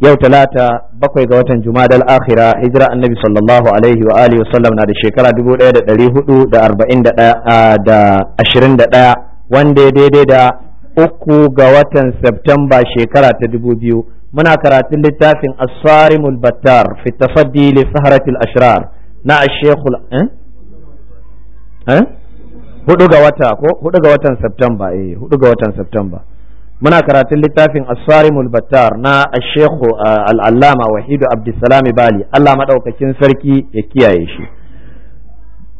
yau talata bakwai ga watan jumadal akhira hijira annabi sallallahu alaihi wa alihi wasallam na da shekara 1441 wanda ya daidai da uku ga watan septemba shekara ta dubu biyu muna karatun littafin asarimul battar fi tafaddi li saharatil ashrar na ashekul eh? eh? hudu ga wata ko hudu ga watan septemba eh hudu ga watan september. muna karatun littafin asarimul battar na ashekhu uh, al'allama wahidu abdulsalami bali allah maɗaukakin sarki ya kiyaye shi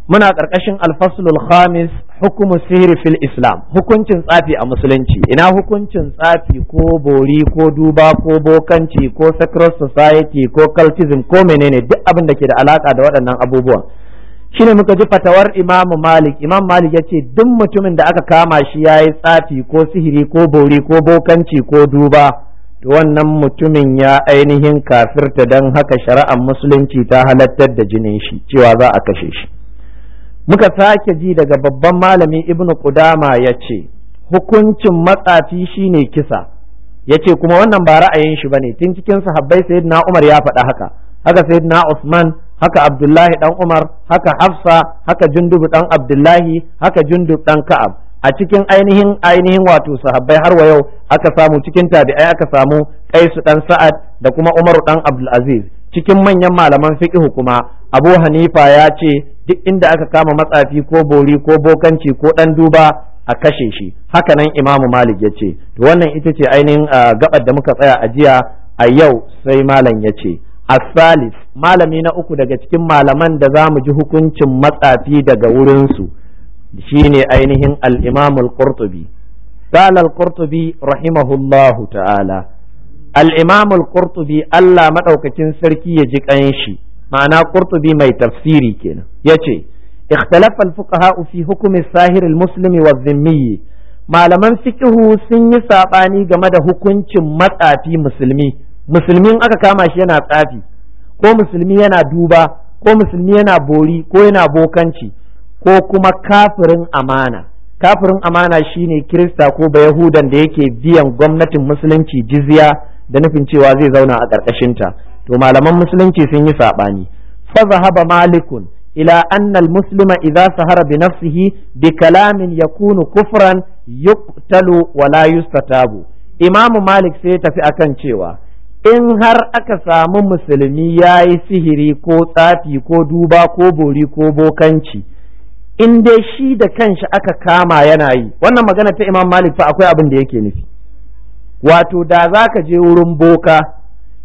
muna ƙarƙashin alfaslul khamis hukumu sihiri fil islam hukuncin tsafi a musulunci ina hukuncin tsafi ko bori ko duba ko bokanci ko sacred society ko cultism ko menene duk abin da ke da alaka da waɗannan abubuwan shine muka ji fatawar imamu malik imam malik ya ce duk mutumin da aka kama shi ya yi tsafi ko sihiri ko bori ko bokanci ko duba to wannan mutumin ya ainihin kafirta don haka shari'ar musulunci ta halattar da jinin shi cewa za a kashe shi muka sake ji daga babban malami ibnu kudama ya ce hukuncin matsafi shine kisa ya ce kuma wannan ba ra'ayin shi bane tun cikin sahabbai sayyidina umar ya faɗa haka haka sayyidina usman haka abdullahi dan umar haka hafsa haka jundub dan abdullahi haka jundub dan ka'ab a cikin ainihin ainihin wato sahabbai har wa yau aka samu cikin tabi'ai aka samu kaisu dan sa'ad da kuma umaru dan abdul aziz cikin manyan malaman fiqh kuma abu hanifa ya ce duk inda aka kama matsafi ko bori ko bokanci ko dan duba a kashe shi haka nan imamu malik ya ce to wannan ita ce ainihin ah, gabar da muka tsaya a jiya a yau sai malam ya ce الثالث malami na uku daga cikin malaman da za mu ji hukuncin matsafi daga wurinsu shine ainihin al’imamu al-Qurtubi qala al-Qurtubi rahimahullahu ta’ala al’imamu al-Qurtubi Allah maɗaukakin sarki ya ji ƙanshi ma’ana Qurtubi mai tafsiri kenan ya ce ikhtilaf al-fuqaha fi hukumi sahir al-muslimi wa malaman fiqhu sun yi saɓani game da hukuncin matsafi musulmi musulmin aka kama shi yana tsafi ko musulmi yana duba ko musulmi yana bori ko yana bokanci ko kuma kafirin amana kafirin amana shine kirista ko bayahudan da yake biyan gwamnatin musulunci jizya da nufin cewa zai zauna a ƙarƙashinta to malaman musulunci sun yi saɓani fa zahaba malikun إلى bi المسلم إذا kalamin yakunu kufran يكون wala yustatabu imamu malik sai ya tafi akan cewa. in har aka samu musulmi ya yi sihiri ko tsafi ko duba ko bori ko bokanci in dai shi da kanshi aka kama yana yi wannan magana ta imam malik fa akwai abin da yake nufi wato da za ka je wurin boka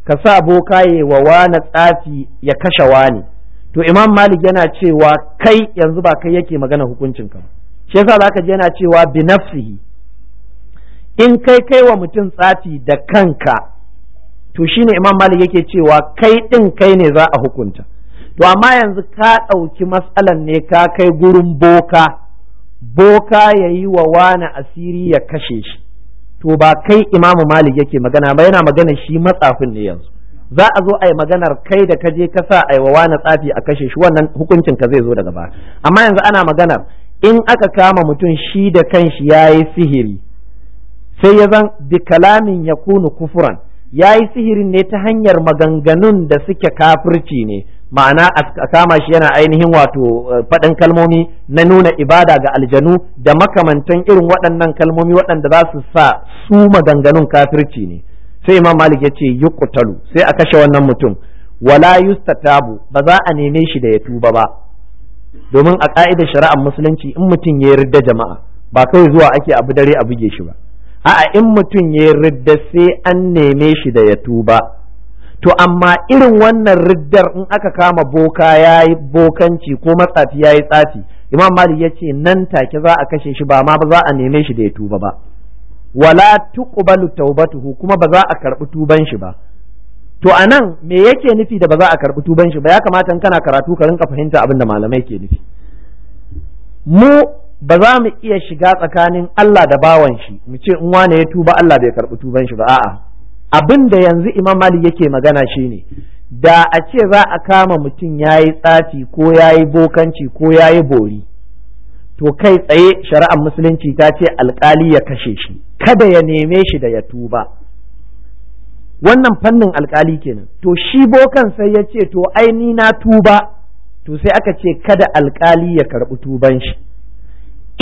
ka sa boka ya wa wani tsafi ya kashe wani to imam malik yana cewa kai yanzu ba kai yake magana hukuncin ka shi yasa za ka je yana cewa bi nafsihi in kai kai wa mutum tsafi da kanka to shine imam malik yake cewa kai ɗin kai ne za a hukunta to amma yanzu ka ɗauki matsalan ne ka kai gurin boka boka ya yi wa wani asiri ya kashe shi to ba kai imamu malik yake magana ba yana magana shi matsafin ne yanzu za a zo a yi maganar kai da kaje ka sa a yi wa wani tsafi a kashe shi wannan hukuncin ka zai zo daga ba amma yanzu ana maganar in aka kama mutum shi da kanshi ya yi sihiri sai ya zan bi kalamin ya kunu kufuran ya yi sihirin ne ta hanyar maganganun da suke kafirci ne ma'ana a kama shi yana ainihin wato eh, faɗin kalmomi na nuna ibada ga aljanu da makamantan irin waɗannan kalmomi waɗanda za su sa su maganganun kafirci ne sai imam malik ya ce yi kutalu sai a kashe wannan mutum wala tabu ba za a neme shi da ya tuba ba domin a ka'idar shari'ar musulunci in mutum ya yarda jama'a ba kawai zuwa ake abu dare a buge shi ba a'a in mutum ya ridda sai an neme shi da ya tuba to amma irin wannan riddar in aka kama boka ya yi bokanci ko matsafi ya yi tsafi imam malik ya ce nan take za a kashe shi ba ma ba za a neme shi da ya tuba ba wala tuqbalu taubatuhu kuma ba za a karbi tuban shi ba to anan me yake nufi da ba za a karbi tuban shi ba ya kamata in kana karatu ka rinka fahimta abin da malamai ke nufi mu ba za mu iya shiga tsakanin Allah da bawan shi mu ce in wane ya tuba Allah bai karɓi tuban shi ba a'a abin da yanzu Imam Malik yake magana shine da a ce za a kama mutum yayi tsafi ko yayi bokanci ko yayi bori to kai tsaye shari'ar musulunci ta ce alkali ya kashe shi kada ya neme shi da ya tuba wannan fannin alkali kenan to shi bokan sai ya ce to ai ni na tuba to sai aka ce kada alkali ya karɓi tuban shi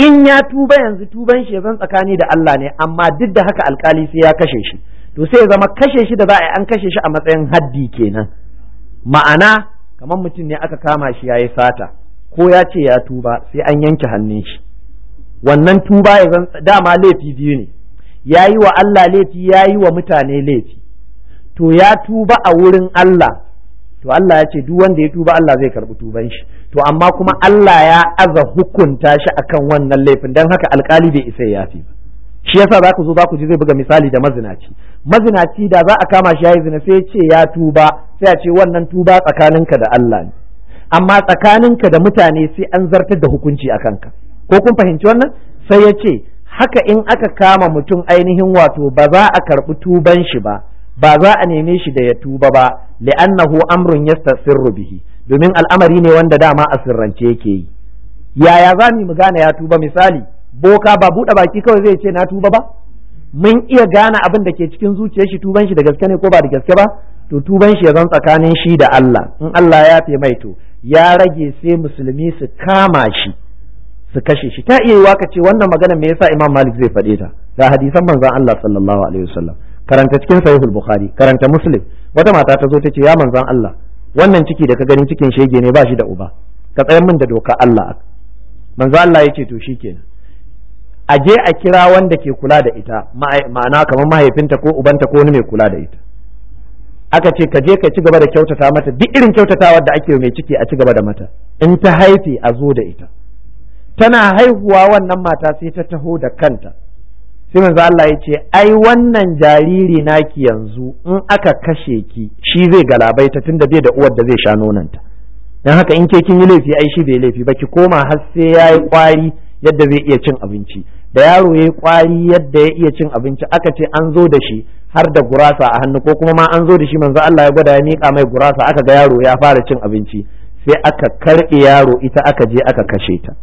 in ya tuba yanzu tuban shi zan tsakani da Allah ne amma duk da haka alkali sai ya kashe shi to sai ya zama kashe shi da za a yi an kashe shi a matsayin haddi kenan ma'ana kamar mutum ne aka kama shi ya yi sata ko ya ce ya tuba sai an yanke hannun shi wannan tuba ya zan dama laifi biyu ne ya yi wa Allah laifi ya yi wa mutane laifi to ya tuba a wurin Allah to Allah ya ce duk wanda ya tuba Allah zai karɓi tuban shi to amma kuma Allah ya aza hukunta shi akan wannan laifin dan haka alkali bai isa ya fi ba shi yasa za ku zo za ku ji zai buga misali da mazinaci mazinaci da za a kama shi yayi zina sai ya ce ya tuba sai a ce wannan tuba tsakaninka da Allah ne amma tsakaninka da mutane sai an zartar da hukunci a kanka ko kun fahimci wannan sai ya ce haka in aka kama mutum ainihin wato ba za a karɓi tuban shi ba ba za a neme shi da ya tuba ba li'annahu amrun sirru bihi domin al'amari ne wanda dama a sirrance yake yi yaya za mu gane ya tuba misali boka ba buɗe baki kawai zai ce na tuba ba mun iya gane abin da ke cikin zuciyar shi tuban shi da gaske ne ko ba da gaske ba to tuban shi ya zan tsakanin shi da Allah in Allah ya fi mai to ya rage sai musulmi su kama shi su kashe shi ta iya yiwa ka ce wannan magana me yasa Imam Malik zai faɗe ta ga hadisan manzon Allah sallallahu alaihi wasallam karanta cikin sahihul bukhari karanta muslim wata mata ta zo ta ce ya manzon Allah wannan ciki da ka gani cikin shege ne ba shi da uba ka tsayar min da doka Allah manzon Allah ya ce to shikenan a je a kira wanda ke kula da ita ma'ana kamar mahaifinta ko ubanta ko wani mai kula da ita aka ce ka je ka ci gaba da kyautata mata duk irin kyautatawar da ake mai ciki a ci gaba da mata in ta haife a zo da ita tana haihuwa wannan mata sai ta taho da kanta sai manzo Allah ya ce ai wannan jariri naki yanzu in aka kashe ki shi zai galabaita tunda bai da uwar da zai sha nonanta dan haka in ke kin yi laifi ai shi bai laifi ba ki koma har sai yayi kwari yadda zai iya cin abinci da yaro yayi kwari yadda ya iya cin abinci aka ce an zo da shi har da gurasa a hannu ko kuma ma an zo da shi manzo Allah ya gwada ya mika mai gurasa aka ga yaro ya fara cin abinci sai aka karbe yaro ita aka je aka kashe ta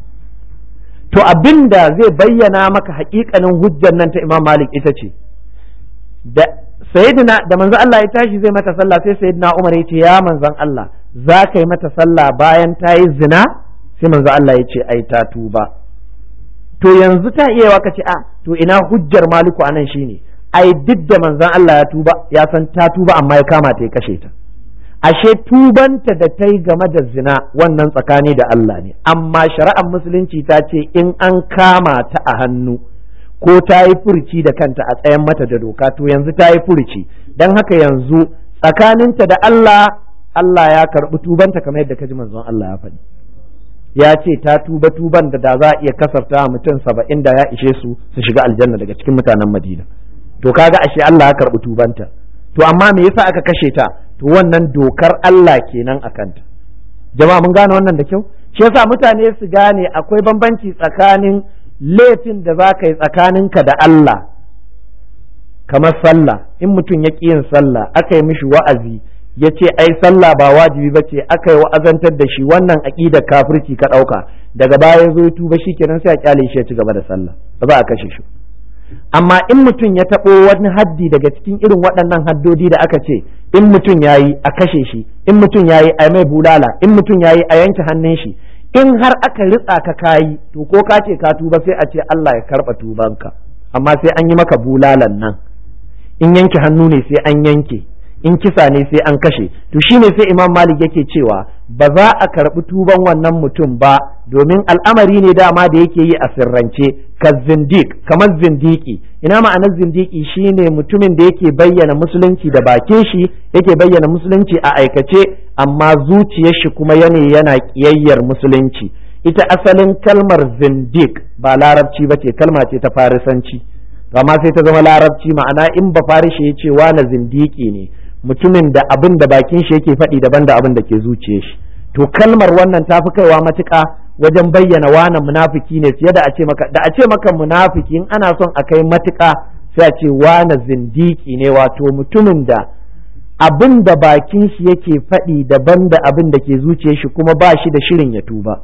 to abinda zai bayyana maka haƙiƙanin hujjar nan ta imam malik ita ce da sayyidina da manzo Allah ya tashi zai mata sallah sai sayyidina Umar ya ce ya manzon Allah za ka yi mata sallah bayan ta yi zina sai manzo Allah ya ce ai ta tuba to yanzu ta iya waka ce a to ina hujjar maliku anan shine ai duk da manzon Allah ya tuba ya san ta tuba amma ya kama ta ya kashe ta ashe tubanta da ta yi game da zina wannan tsakani da Allah ne amma shari'ar musulunci ta ce in an kama ta a hannu ko ta yi furci da kanta a tsayan mata da doka to yanzu ta yi furci don haka yanzu tsakaninta da Allah Allah ya karɓi tubanta kamar yadda kaji manzon Allah ya faɗi ya ce ta tuba tuban da da za a iya kasafta mutum saba'in da ya ishe su su shiga aljanna daga cikin mutanen madina to kaga ashe Allah ya karɓi tubanta to amma me yasa aka kashe ta to wannan dokar Allah kenan a kanta jama'a mun gane wannan da kyau shi yasa mutane su gane akwai bambanci tsakanin laifin da za ka yi tsakaninka da Allah kamar sallah in mutum ya yin sallah aka yi mishi wa'azi ya ce ai sallah ba wajibi ba ce aka yi wa'azantar da shi wannan aƙidar kafirci ka ɗauka daga baya zo tuba shi kenan sai a kyale shi ya ci gaba da sallah ba za a kashe shi amma in mutum ya taɓo wani haddi daga cikin irin waɗannan haddodi da aka ce in mutum ya yi a kashe shi in mutum ya yi a mai bulala in mutum ya yi a yanke hannun shi in har aka ritsa ka kayi to ko ka ce ka tuba sai a ce Allah ya karba tubanka amma sai an yi maka bulalan nan in yanke hannu ne sai an yanke in kisa ne sai an kashe to shine sai imam malik yake cewa ba za a karɓi tuban wannan mutum ba domin al'amari ne dama da yake yi a sirrance ka zindik kamar zindiki ina ma'anar zindiki shine mutumin da yake bayyana musulunci da bakin shi yake bayyana musulunci a aikace amma zuciyar shi kuma yana yana kiyayyar musulunci ita asalin kalmar zindik ba larabci ba ce kalma ce ta farisanci amma sai ta zama larabci ma'ana in ba farishi ya ce na zindiki ne mutumin da abin da bakin shi yake faɗi daban da abin da ke zuciye shi to kalmar wannan ta fi kaiwa matuƙa wajen bayyana wanan munafiki ne fiye da a ce maka da a ce maka munafiki in ana son a kai matuƙa sai a ce wani zindiki ne wato mutumin da abin da bakin shi yake faɗi daban da abin da ke zuciye shi kuma ba shi da shirin ya tuba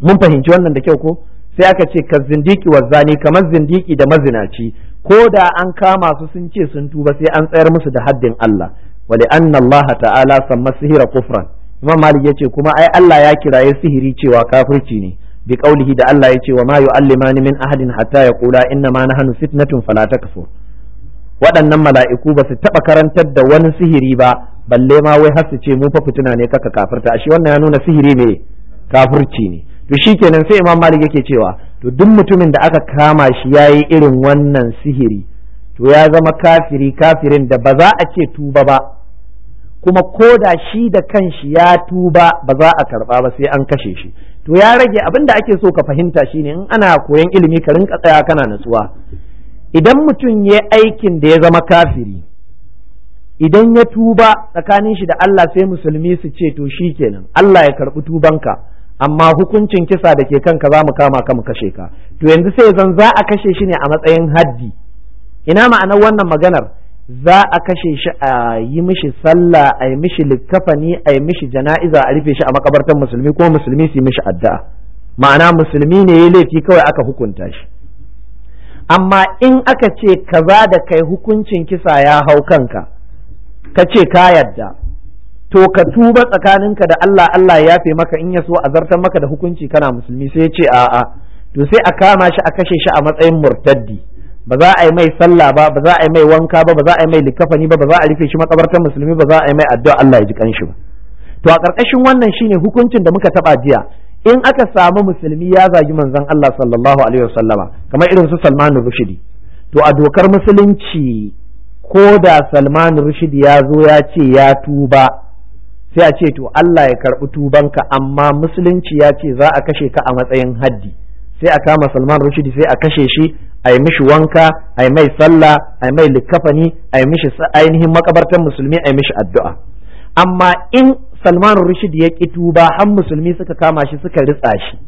mun fahimci wannan da kyau ko sai aka ce ka zindiki wa kamar zindiki da mazinaci ko da an kama su sun ce sun tuba sai an tsayar musu da haddin Allah wali anna Allah ta'ala samma sihira kufran Imam Malik yace kuma ai Allah ya kiraye sihiri cewa kafirci ne bi qaulihi da Allah yace wa ma yu'allimani min ahadin hatta yaqula inna ma nahnu fitnatun fala takfur waɗannan mala'iku ba su taɓa karantar da wani sihiri ba balle ma wai har su ce mu fa fituna ne kaka kafirta ashe wannan ya nuna sihiri ne kafirci ne to shikenan sai Imam Malik yake cewa to duk mutumin da aka kama shi ya yi irin wannan sihiri to ya zama kafiri kafirin da ba za a ce tuba ba kuma ko da shi da kanshi ya tuba ba za a karba ba sai an kashe shi to ya rage abin da ake so ka fahimta shine in ana koyon ilimi ka rinka tsaya kana natsuwa idan mutum ya aikin da ya zama kafiri idan ya tuba tsakanin shi da Allah sai musulmi su ce to shikenan Allah ya karbi tubanka amma hukuncin kisa da ke kanka za mu kama ka mu kashe ka to yanzu sai zan za a kashe shi ne a matsayin haddi ina ma'anar wannan maganar za a kashe shi a yi mishi sallah a yi mishi littafani a yi mishi jana'iza a rufe shi a makabartar musulmi ko musulmi su yi mishi addu'a ma'ana musulmi ne ya laifi kawai aka hukunta shi amma in aka ce kaza da kai hukuncin kisa ya hau kanka ka ce ka yadda to ka tuba tsakaninka da Allah Allah ya yafe maka in ya so a zartar maka da hukunci kana musulmi sai ya ce a'a to sai a kama shi a kashe shi a matsayin murtaddi ba za a yi mai sallah ba ba za a yi mai wanka ba ba za a yi mai likafani ba ba za a rufe shi makabartar musulmi ba za a yi mai addu'a Allah ya ji kanshi ba to a ƙarƙashin wannan shine hukuncin da muka taɓa jiya in aka samu musulmi ya zagi manzon Allah sallallahu alaihi wasallama kamar irin su Salman Rushdi to a dokar musulunci ko da Salman Rushdi ya zo ya ce ya tuba sai a ce to Allah ya karɓi tubanka amma musulunci ya ce za a kashe ka a matsayin haddi sai a kama Salman Rushdie sai a kashe shi a yi mishi wanka a yi mai sallah a yi mai likafani a yi mishi ainihin makabartar musulmi a yi mishi addu'a amma in Salman Rushdi ya ki tuba har musulmi suka kama shi suka ritsa shi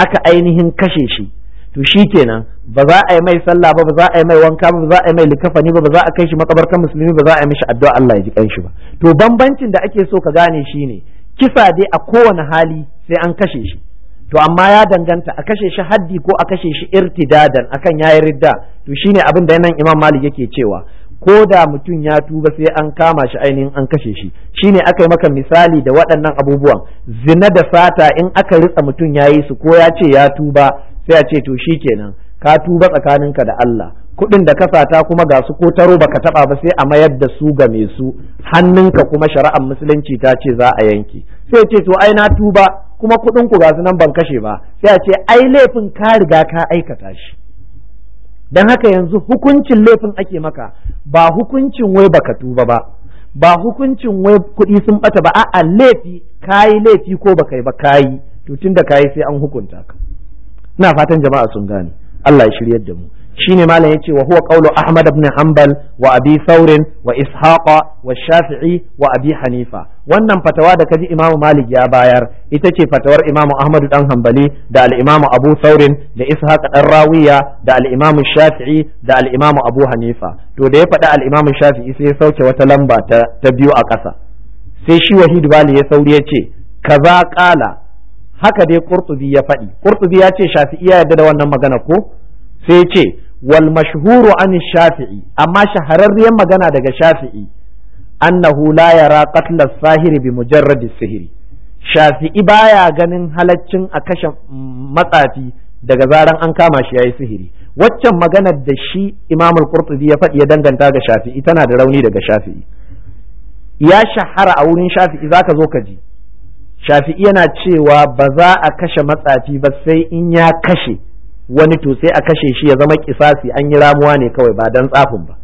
aka ainihin kashe shi to shi kenan ba za a yi mai sallah ba ba za a yi mai wanka ba ba za a yi mai likafani ba ba za a kai shi makabartar musulmi ba za a yi mishi addu'a Allah ya ji kanshi ba to bambancin da ake so ka gane shi ne kisa dai a kowane hali sai an kashe shi to amma ya danganta a kashe shi haddi ko a kashe shi irtidadan akan yayi ridda to shine abin da nan Imam Malik yake cewa ko da mutum ya tuba sai an kama shi ainihin an kashe shi shine aka yi maka misali da waɗannan abubuwan zina da sata in aka ritsa mutum ya yi su ko ya ce ya tuba sai a ce to kenan ka tuba tsakaninka da Allah kuɗin da ka sata kuma ga su ko taro baka taba ba sai a mayar da su ga mai su hannunka kuma shari'ar musulunci ta ce za a yanki sai ce to ai na tuba kuma kuɗin ku ga su nan ban kashe ba sai a ce ai laifin ka riga ka aikata shi dan haka yanzu hukuncin laifin ake maka ba hukuncin wai baka tuba ba ba hukuncin wai kuɗi sun bata ba a'a laifi kayi laifi ko baka yi ba kayi to tunda kayi sai an hukunta ka ina fatan jama'a sun gane Allah ya shiryar da mu shine malam yace wa huwa qawlu ahmad ibn hanbal wa abi thawr wa ishaqa wa shafi'i wa abi hanifa wannan fatawa da kaji imam malik ya bayar ita ce fatawar imam ahmad dan hanbali da al imam abu thawr da ishaq dan rawiya da al imam shafi'i da al imam abu hanifa to da ya faɗi al imam shafi'i sai ya sauke wata lamba ta, biyu a ƙasa sai shi wahid bali ya sauri ya ce kaza qala haka dai qurtubi ya faɗi qurtubi ya ce shafi'i ya yarda da wannan magana ko sai ya ce wal mashhuru an shafi'i amma shahararriyar magana daga shafi'i annahu la yara qatl sahiri bi mujarrad sihiri shafi'i baya ganin halaccin a kashe matsafi daga zaran an kama shi yayi sihiri waccan maganar da shi Imam al ya faɗi ya danganta ga Shafi'i tana da rauni daga Shafi'i ya shahara a wurin Shafi'i zaka zo ka ji shafi'i yana cewa ba za a kashe matsafi ba sai in ya kashe wani to sai a kashe shi ya zama kisasi an yi ramuwa ne kawai ba dan tsafin ba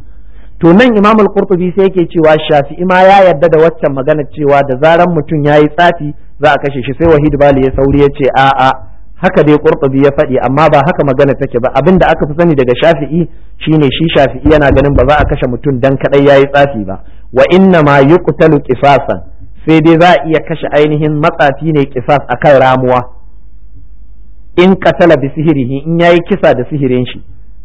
to nan imamul al-qurtubi sai yake cewa shafi'i ma ya yarda da waccan magana cewa da zaran mutum yayi tsafi za a kashe shi sai wahid bali ya sauri ya ce a'a haka dai qurtubi ya faɗi amma ba haka magana take ba abin da aka fi sani daga shafi'i shine shi shafi'i yana ganin ba za a kashe mutum dan kadai yi tsafi ba wa inna ma yuqtalu qisasan sai dai za a iya kashe ainihin matsafi ne kisas a kan ramuwa in katala bi sihirihi in yayi kisa da sihirin shi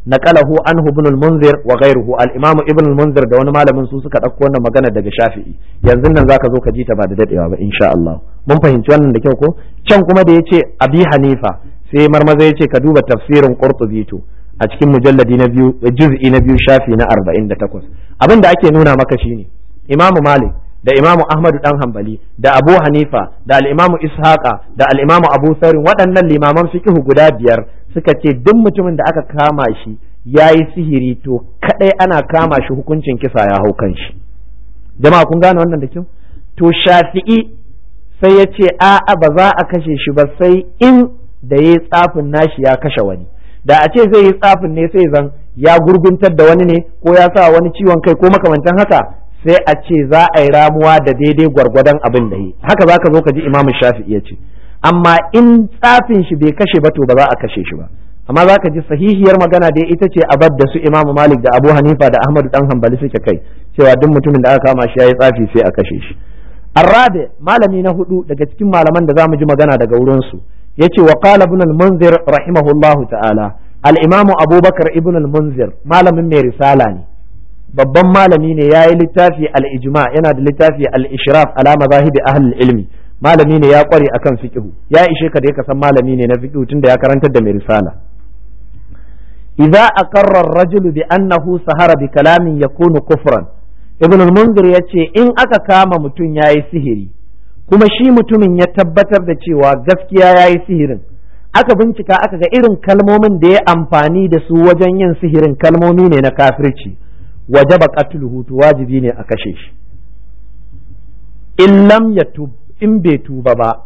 naqalahu anhu ibn al-munzir wa ghayruhu al-imam ibn munzir da wani malamin su suka dauko wannan magana daga Shafi'i yanzu nan zaka zo ka ji ta ba da dadewa ba insha Allah mun fahimci wannan da kyau ko can kuma da yace Abi Hanifa sai marmaza yace ka duba tafsirin Qurtubi to a cikin mujalladi na biyu juz'i na biyu shafi na 48 abin da ake nuna maka shine Imam Malik da imamu ahmadu dan hanbali da abu hanifa da al'imamu ishaqa da al'imamu abu sarin waɗannan limaman fiqhu guda biyar suka ce duk mutumin da aka kama shi ya yi sihiri to kadai ana kama shi hukuncin kisa ya hau kan shi jama'a kun gane wannan da kyau to shafi'i sai ya ce a'a ba za a kashe shi ba sai in da ya tsafin nashi ya kashe wani da a ce zai yi tsafin ne sai zan ya gurguntar da wani ne ko ya sa wani ciwon kai ko makamantan haka sai a ce za a yi ramuwa da daidai gwargwadon abin da yi haka za ka zo ka ji imamu shafi'i ya ce amma in tsafin shi bai kashe ba to ba za a kashe shi ba amma za ka ji sahihiyar magana da ita ce a da su imamu malik da abu hanifa da ahmadu dan hanbali suke kai cewa duk mutumin da aka kama shi ya yi tsafi sai a kashe shi arrabe malami na hudu daga cikin malaman da za mu ji magana daga wurinsu ya ce wa qala ibn al-munzir rahimahullahu ta'ala al-imamu abubakar ibn al-munzir malamin mai risala ne babban malami ne ya yi littafi al-ijma yana da littafi al-ishraf ala mazahibi ilmi malami ne ya kware akan fiƙihu ya ishe ka da ka san malami ne na tun da ya karantar da mai risala idza aqarra ar-rajulu bi annahu sahara bi kalamin yakunu kufran ibn al ya ce in aka kama mutum yayi sihiri kuma shi mutumin ya tabbatar da cewa gaskiya yayi sihirin aka bincika aka ga irin kalmomin da ya amfani da su wajen yin sihirin kalmomi ne na kafirci wajaba qatluhu hutu wajibi ne a kashe shi in lam in bai tuba ba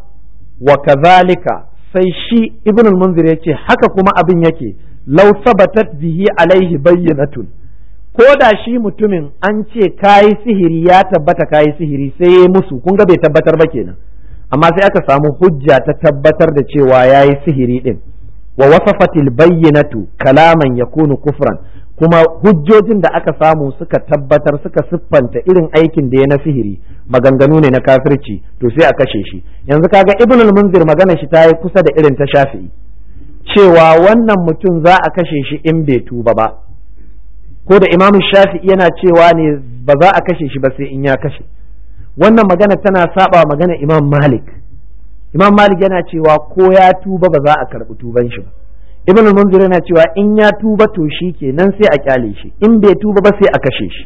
wa kazalika sai shi ibn al-munzir yace haka kuma abin yake law sabatat bihi alaihi bayyinatun ko da shi mutumin an ce kayi sihiri ya tabbata kayi sihiri sai ya musu kun ga bai tabbatar ba kenan amma sai aka samu hujja ta tabbatar da cewa yayi sihiri din wa wasafatil bayyinatu kalaman yakunu kufran kuma hujjojin da aka samu suka tabbatar suka siffanta irin aikin da ya na sihiri maganganu ne na kafirci to sai a kashe shi yanzu kaga ibn al-munzir magana shi ta yi kusa da irin ta shafi'i cewa wannan mutum za a kashe shi in bai tuba ba ko da imam shafi'i yana cewa ne ba za a kashe shi ba sai in ya kashe wannan magana tana saba magana imam malik imam malik yana cewa ko ya tuba ba za a karɓi tuban shi ba ibn al munzir yana cewa in ya tuba to shi kenan sai a kyale shi in bai tuba ba sai a kashe shi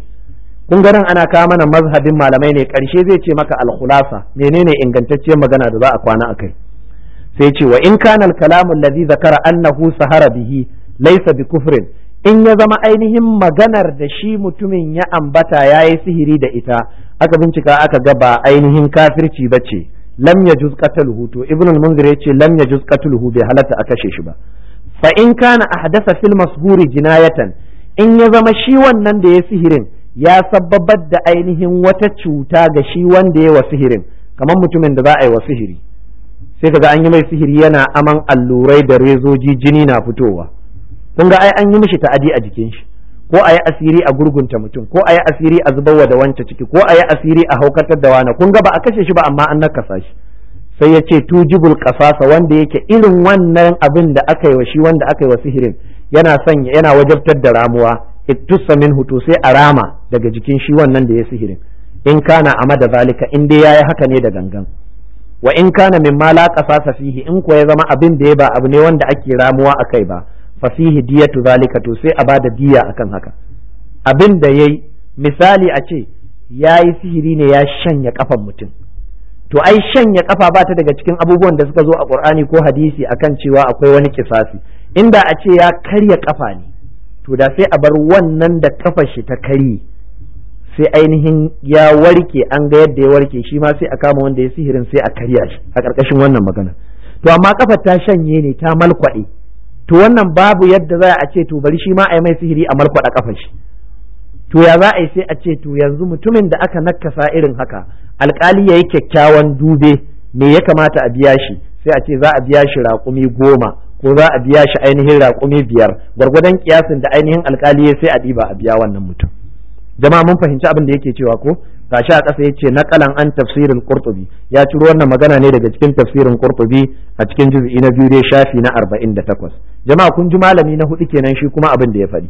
kun ga nan ana kawo mana mazhabin malamai ne karshe zai ce maka al-khulasa menene ingantacciyar magana da za a kwana akai sai ce wa in kana al-kalamu alladhi zakara annahu sahara bihi laysa bi kufrin in ya zama ainihin maganar da shi mutumin ya ambata ya yi sihiri da ita aka bincika aka ga ba ainihin kafirci ba ce lam ya juz qatluhu to ibn al-munzir ya ce lam ya juz qatluhu bai halatta a kashe shi ba fa in kana ahdasa fil masburi jinayatan in ya zama shi wannan da ya sihirin ya sababbar da ainihin wata cuta ga shi wanda ya wa sihirin kamar mutumin da za a yi wa sihiri sai kaga an yi mai sihiri yana aman allurai da rezoji jini na fitowa kun ga ai an yi mishi ta'adi a jikin shi ko a yi asiri a gurgunta mutum ko a yi asiri a zubarwa da wancan ciki ko a yi asiri a haukatar da wani kun ga ba a kashe shi ba amma an nakasa shi sai ya ce tujibul kasasa wanda yake irin wannan abin da aka yi wa shi wanda aka yi wa sihirin yana sanya yana wajabtar da ramuwa ittusa min hutu sai a rama daga jikin shi wannan da ya sihirin in kana amma da zalika in dai yayi haka ne da gangan wa in kana min ma la kasasa fihi in ko ya zama abin da ya ba abu ne wanda ake ramuwa akai ba fa fihi diyatu zalika to sai a bada diya akan haka abin da yayi misali a ce yayi sihiri ne ya shanya kafan mutum to ai shanya kafa ba ta daga cikin abubuwan da suka zo a qur'ani ko hadisi akan cewa akwai wani kisasi inda a ce ya karya kafa ne to da sai a bar wannan da kafa shi ta karye sai ainihin ya warke an ga yadda ya warke shi ma sai a kama wanda ya sihirin sai a karya shi a karkashin wannan magana to amma kafar ta shanye ne ta malkwaɗe to wannan babu yadda za a ce to bari shi ma a yi mai sihiri a malkwada kafar shi to ya za a yi sai a ce to yanzu mutumin da aka nakasa irin haka alkali ya yi kyakkyawan dube me ya kamata a biya shi sai a ce za a biya shi raƙumi goma ko za a biya shi ainihin raƙumi biyar gwargwadon kiyasin da ainihin alkali ya sai a ɗiba a biya wannan mutum jama'a mun fahimci abin da yake cewa ko gashi a ƙasa yace naqalan an tafsirin qurtubi ya ciro wannan magana ne daga cikin tafsirin qurtubi a cikin juz'i na biyu dai shafi na arba'in da 48 jama'a kun ji malami na hudu kenan shi kuma abin da ya faɗi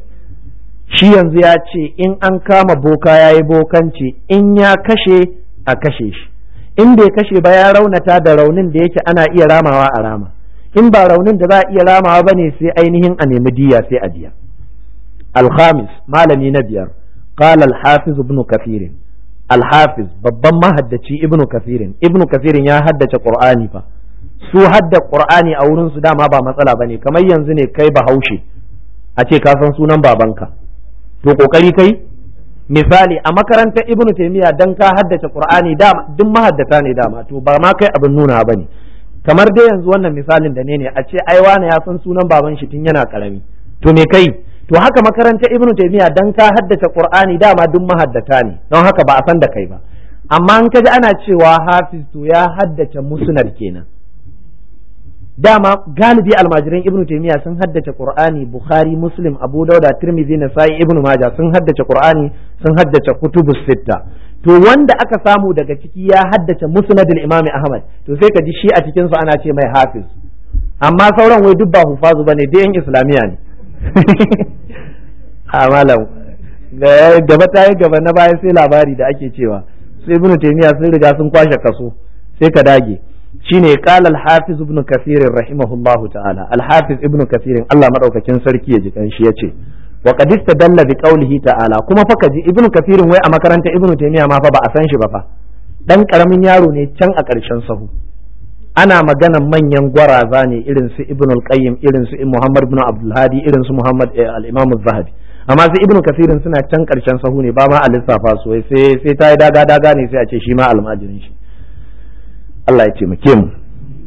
shi yanzu ya ce in an kama boka ya yi bokanci in ya kashe a kashe shi in bai kashe ba ya raunata da raunin da yake ana iya ramawa a rama in ba raunin da za a iya ramawa ba ne sai ainihin a nemi diya sai a biya alhamis malami na biyar qala alhafiz ibn kafirin alhafiz babban mahaddaci ibn kafirin ibn kafirin ya haddace qur'ani fa su hadda qur'ani a wurin su dama ba matsala bane kamar yanzu ne kai bahaushe a ce ka san sunan babanka to kokari kai misali a makarantar ibnu taymiya dan ka haddace qur'ani dama duk mahaddata ne dama to ba ma kai abin nuna ne. kamar dai yanzu wannan misalin da ne ne a ce ai wani ya san sunan baban shi tun yana karami to me kai to haka makarantar ibnu taymiya dan ka haddace qur'ani dama duk mahaddata ne don haka ba a san da kai ba amma an kaji ana cewa hafiz to ya haddace musnad kenan dama galibi almajiran ibnu taymiya sun haddace qur'ani bukhari muslim abu dauda tirmidhi nasa'i ibnu majah sun haddace qur'ani sun haddace kutubus sitta to wanda aka samu daga ciki ya haddace musnadul imami ahmad to sai ka ji shi a cikin su ana ce mai hafiz amma sauran wai duk ba hufazu bane dai yan islamiya ne a malam gaba ta yi gaba na baya sai labari da ake cewa su ibnu taymiya sun riga sun kwashe kaso sai ka dage shine qala al-hafiz ibn kathir rahimahullahu ta'ala al-hafiz ibn kathir Allah madaukakin sarki ya ji kan shi yace wa qad istadalla bi qawlihi ta'ala kuma fa kaji ibn kathir wai a makaranta ibn taymiya ma fa ba a san shi ba fa dan karamin yaro ne can a ƙarshen sahu ana maganan manyan gwaraza ne irin su ibn al-qayyim irin su muhammad ibn abdul hadi irin su muhammad eh, al-imam az-zahabi amma su ibn kasirin suna can karshen sahu ne ba ma a lissafa su sai sai ta yi daga daga ne sai a ce shi ma almajirin shi Allah ya ce mu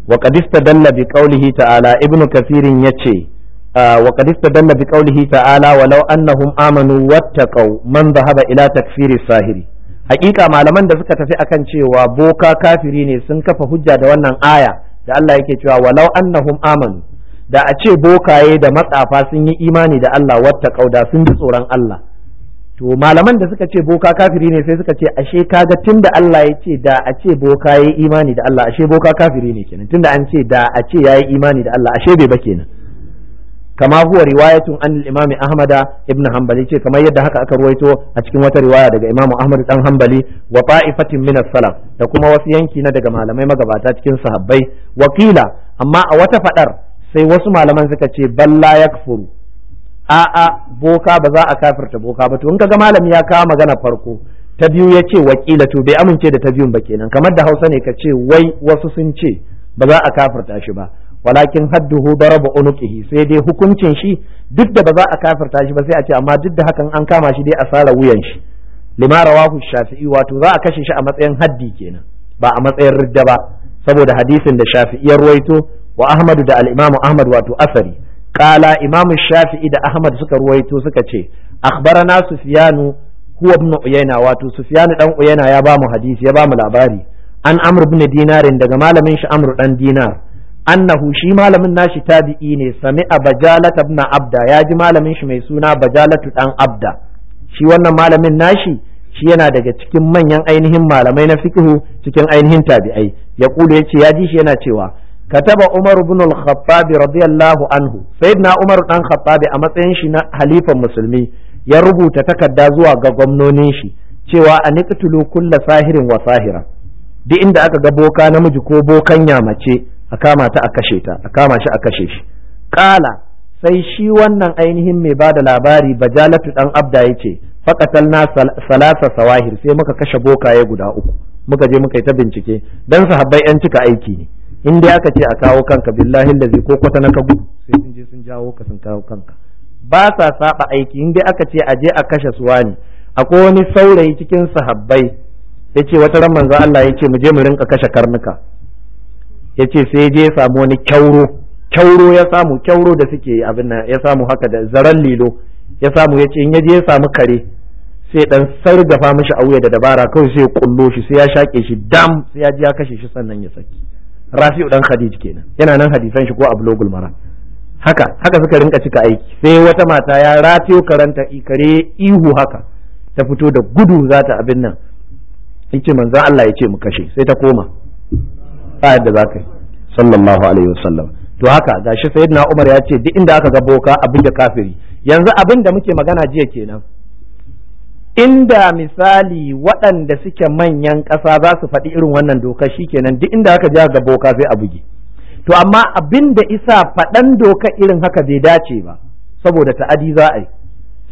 wa qad istadalla bi qawlihi ta'ala Ibn kathirin yace ah, wa qad istadalla bi qawlihi ta'ala walau annahum amanu wattaqau man dhahaba ila takfiri sahiri hakika malaman da suka tafi akan cewa boka kafiri ne sun kafa hujja da wannan aya da Allah yake cewa walau annahum amanu da a ce bokaye da matsafa sun yi imani da Allah wattaqau da sun ji tsoron Allah to malaman da suka ce boka kafiri ne sai suka ce ashe kaga tunda Allah ya ce da a ce boka yayi imani da Allah ashe boka kafiri ne kenan tunda an ce da a ce yayi imani da Allah ashe bai ba kenan kama huwa riwayatun an al-imam Ahmad ibn Hanbali ce kamar yadda haka aka ruwaito a cikin wata riwaya daga Imam Ahmad dan Hanbali wa ta'ifatin min as-salaf da kuma wasu yanki na daga malamai magabata cikin sahabbai wakila amma a wata fadar sai wasu malaman suka ce balla yakfuru a'a boka ba za a kafirta boka ba to in kaga malami ya kawo magana farko ta biyu ya ce wakila to bai amince da ta biyun ba kenan kamar da hausa ne ka ce wai wasu sun ce ba za a kafirta shi ba walakin hadduhu daraba unuqihi sai dai hukuncin shi duk da ba za a kafirta shi ba sai a ce amma duk da hakan an kama shi dai a sara wuyan shi lima rawahu shafi'i wato za a kashe shi a matsayin haddi kenan ba a matsayin ridda ba saboda hadisin da shafi'i ya ruwaito wa ahmadu da al-imamu ahmad wato asari qala imam shafi'i da ahmad suka ruwaito suka ce akhbarana Sufiyanu huwa ibn uyayna wato Sufiyanu dan uyayna ya bamu hadisi ya bamu labari an amr ibn dinarin daga malamin shi amr dan dinar annahu shi malamin nashi tabi'i ne sami'a bajalata ibn abda ya ji malamin shi mai suna bajalatu dan abda shi wannan malamin nashi shi yana daga cikin manyan ainihin malamai na fikihu cikin ainihin tabi'ai ya kulu yace ya ji shi yana cewa كتب عمر بن الخطاب رضي الله عنه سيدنا عمر بن الخطاب أما تنشي حليف takarda يربو ga زوا shi cewa a niqtulu kulla sahirin wa sahira duk inda aka ga boka namiji ko bokan ya mace a kama ta a kashe ta a kama shi a kashe shi kala sai shi wannan ainihin mai bada labari bajalatu dan abda yace na salasa sawahir sai muka kashe bokaye guda uku muka je muka yi ta bincike dan sahabbai yan cika aiki ne in dai aka ce a kawo kanka billahi lazi ko kwata na kagu gudu sai sun je sun jawo ka sun kawo kanka ba sa saba aiki in dai aka ce a je a kashe suwani akwai wani saurayi cikin sahabbai ya ce wata ran manzo Allah ya ce mu je mu rinka kashe karnuka ya ce sai je ya samu wani kyauro kyauro ya samu kyauro da suke abin nan ya samu haka da zaran lilo ya samu ya ce in ya je ya samu kare sai dan sargafa mishi wuya da dabara kawai sai ya kullo shi sai ya shake shi dam sai ya ji ya kashe shi sannan ya saki rafi'u dan khadij kenan yana nan hadisan shi ko a blogul mara haka haka suka rinka cika aiki sai wata mata ya ratiyo karanta ikare ihu haka ta fito da gudu za ta abin nan yace manzon Allah ya ce mu kashe sai ta koma ba yadda za ka sallallahu alaihi wasallam to haka gashi sayyidina Umar ya ce duk inda aka ga boka abin da kafiri yanzu abin da muke magana jiya kenan inda misali waɗanda suke manyan ƙasa za su faɗi irin wannan doka shikenan duk inda haka ja ga boka sai a buge to amma abin da isa faɗan doka irin haka bai dace ba saboda ta'adi za a yi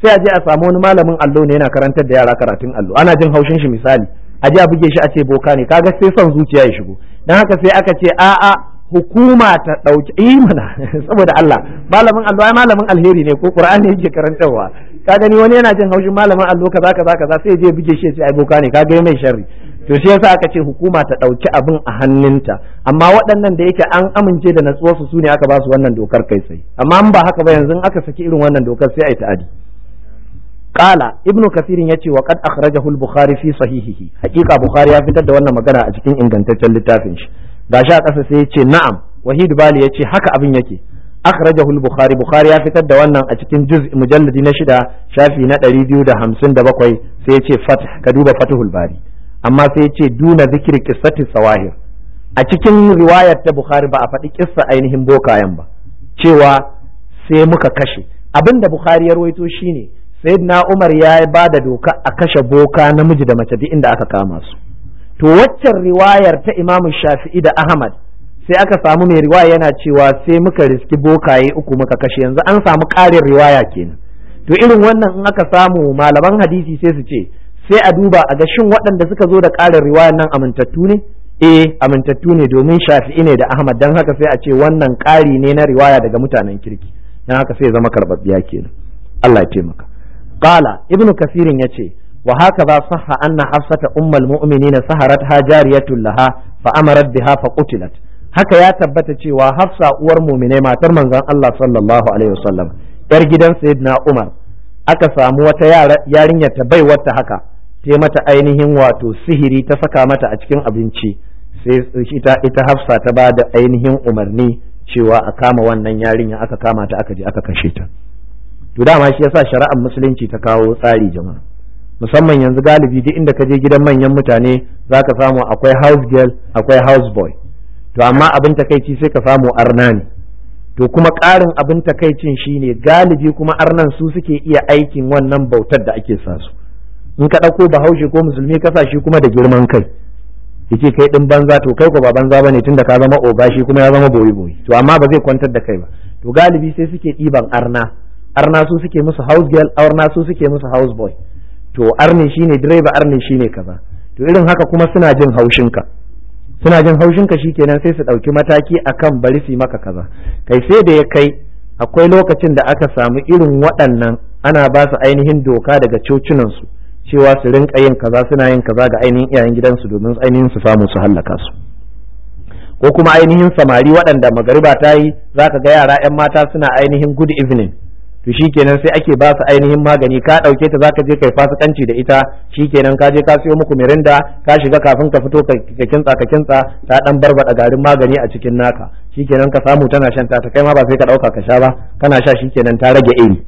sai a je a samu wani malamin allo ne yana karantar da yara karatun allo ana jin haushin shi misali a je a buge shi a ce boka ne kaga sai son zuciya ya shigo dan haka sai aka ce a'a hukuma ta ɗauki imana eh saboda Allah malamin allo ai malamin alheri ne ko qur'ani yake karantarwa ka gani wani yana jin haushin malamin allo kaza kaza kaza sai je bige shi sai ai boka ne kaga mai sharri to shi yasa aka ce hukuma ta ɗauki abin a hannunta amma waɗannan da yake an amince da natsuwar su ne aka ba su wannan dokar kai sai amma ba haka ba yanzu aka saki irin wannan dokar sai ai ta'adi qala ibnu kasirin yace wa qad akhrajahu al-bukhari fi sahihihi haqiqa bukhari ya fitar da wannan magana a cikin ingantaccen littafin shi Da a ƙasa sai ya ce na'am wahid bali ya ce haka abin yake akhrajahu al-bukhari bukhari ya fitar da wannan a cikin juz mujalladi na shida shafi na 257 sai ya ce fath ka duba fathul bari amma sai ya ce duna zikri qissati sawahir a cikin riwayar ta bukhari ba a faɗi kissa ainihin bokayen ba cewa sai muka kashe abin da bukhari ya rawaito shine sayyidina umar ya ba da doka a kashe boka namiji da mace duk inda aka kama su to waccan riwayar ta imamu shafi'i da ahmad sai aka samu mai riwaya yana cewa sai muka riski bokaye uku muka kashe yanzu an samu ƙarin riwaya kenan to irin wannan in aka samu malaman hadisi sai su ce sai a duba a ga shin waɗanda suka zo da ƙarin riwaya nan amintattu ne eh amintattu ne domin shafi'i ne da ahmad dan haka sai a ce wannan ƙari ne na riwaya daga mutanen kirki dan haka sai zama karbabbiya kenan Allah ya taimaka qala ibnu kasirin yace wa haka za sahha anna hafsata ummul na saharat ha jariyatul laha fa amarat biha fa qutilat haka ya tabbata cewa hafsa uwar mu'mine matar manzon Allah sallallahu alaihi wasallam yar gidan sayyidina Umar aka samu wata yarinya ta bai wata haka ta mata ainihin wato sihiri ta saka mata a cikin abinci sai ita hafsa ta ba da ainihin umarni cewa a kama wannan yarinya aka kama ta aka je aka kashe ta to dama shi yasa shari'ar musulunci ta kawo tsari jama'a musamman yanzu galibi duk inda ka je gidan manyan mutane za ka samu akwai house girl akwai house boy to amma abin takaici sai ka samu arna ne to kuma ƙarin abin takaicin shine galibi kuma arnan su suke iya aikin wannan bautar da ake sa su in ka ɗauko bahaushe ko musulmi ka shi kuma da girman kai yake kai ɗin banza to kai ko ba banza bane tunda ka zama oga shi kuma ya zama boyi boyi to amma ba zai kwantar da kai ba to galibi sai suke ɗiban arna arna su suke musu house girl arna su suke musu house boy to arne shine direba arne shine kaza to irin haka kuma suna jin haushinka suna jin haushinka shikenan sai su ɗauki mataki akan bari su maka kaza kai sai da ya kai akwai lokacin da aka samu irin waɗannan ana ba su ainihin doka daga cocinansu cewa su rinka yin kaza suna yin kaza ga ainihin iyayen gidansu domin ainihin su samu su hallaka su ko kuma ainihin samari waɗanda magariba ta yi za ka ga yara 'yan mata suna ainihin good evening to shikenan sai ake ba su ainihin magani ka ɗauke ta zaka je kai fasikanci da ita shikenan ka je ka siyo muku mirinda ka shiga kafin ka fito ka kintsa ka kintsa ta dan barbada garin magani a cikin naka shikenan ka samu tana shan ta kai ma ba sai ka dauka ka sha ba kana sha shikenan ta rage iri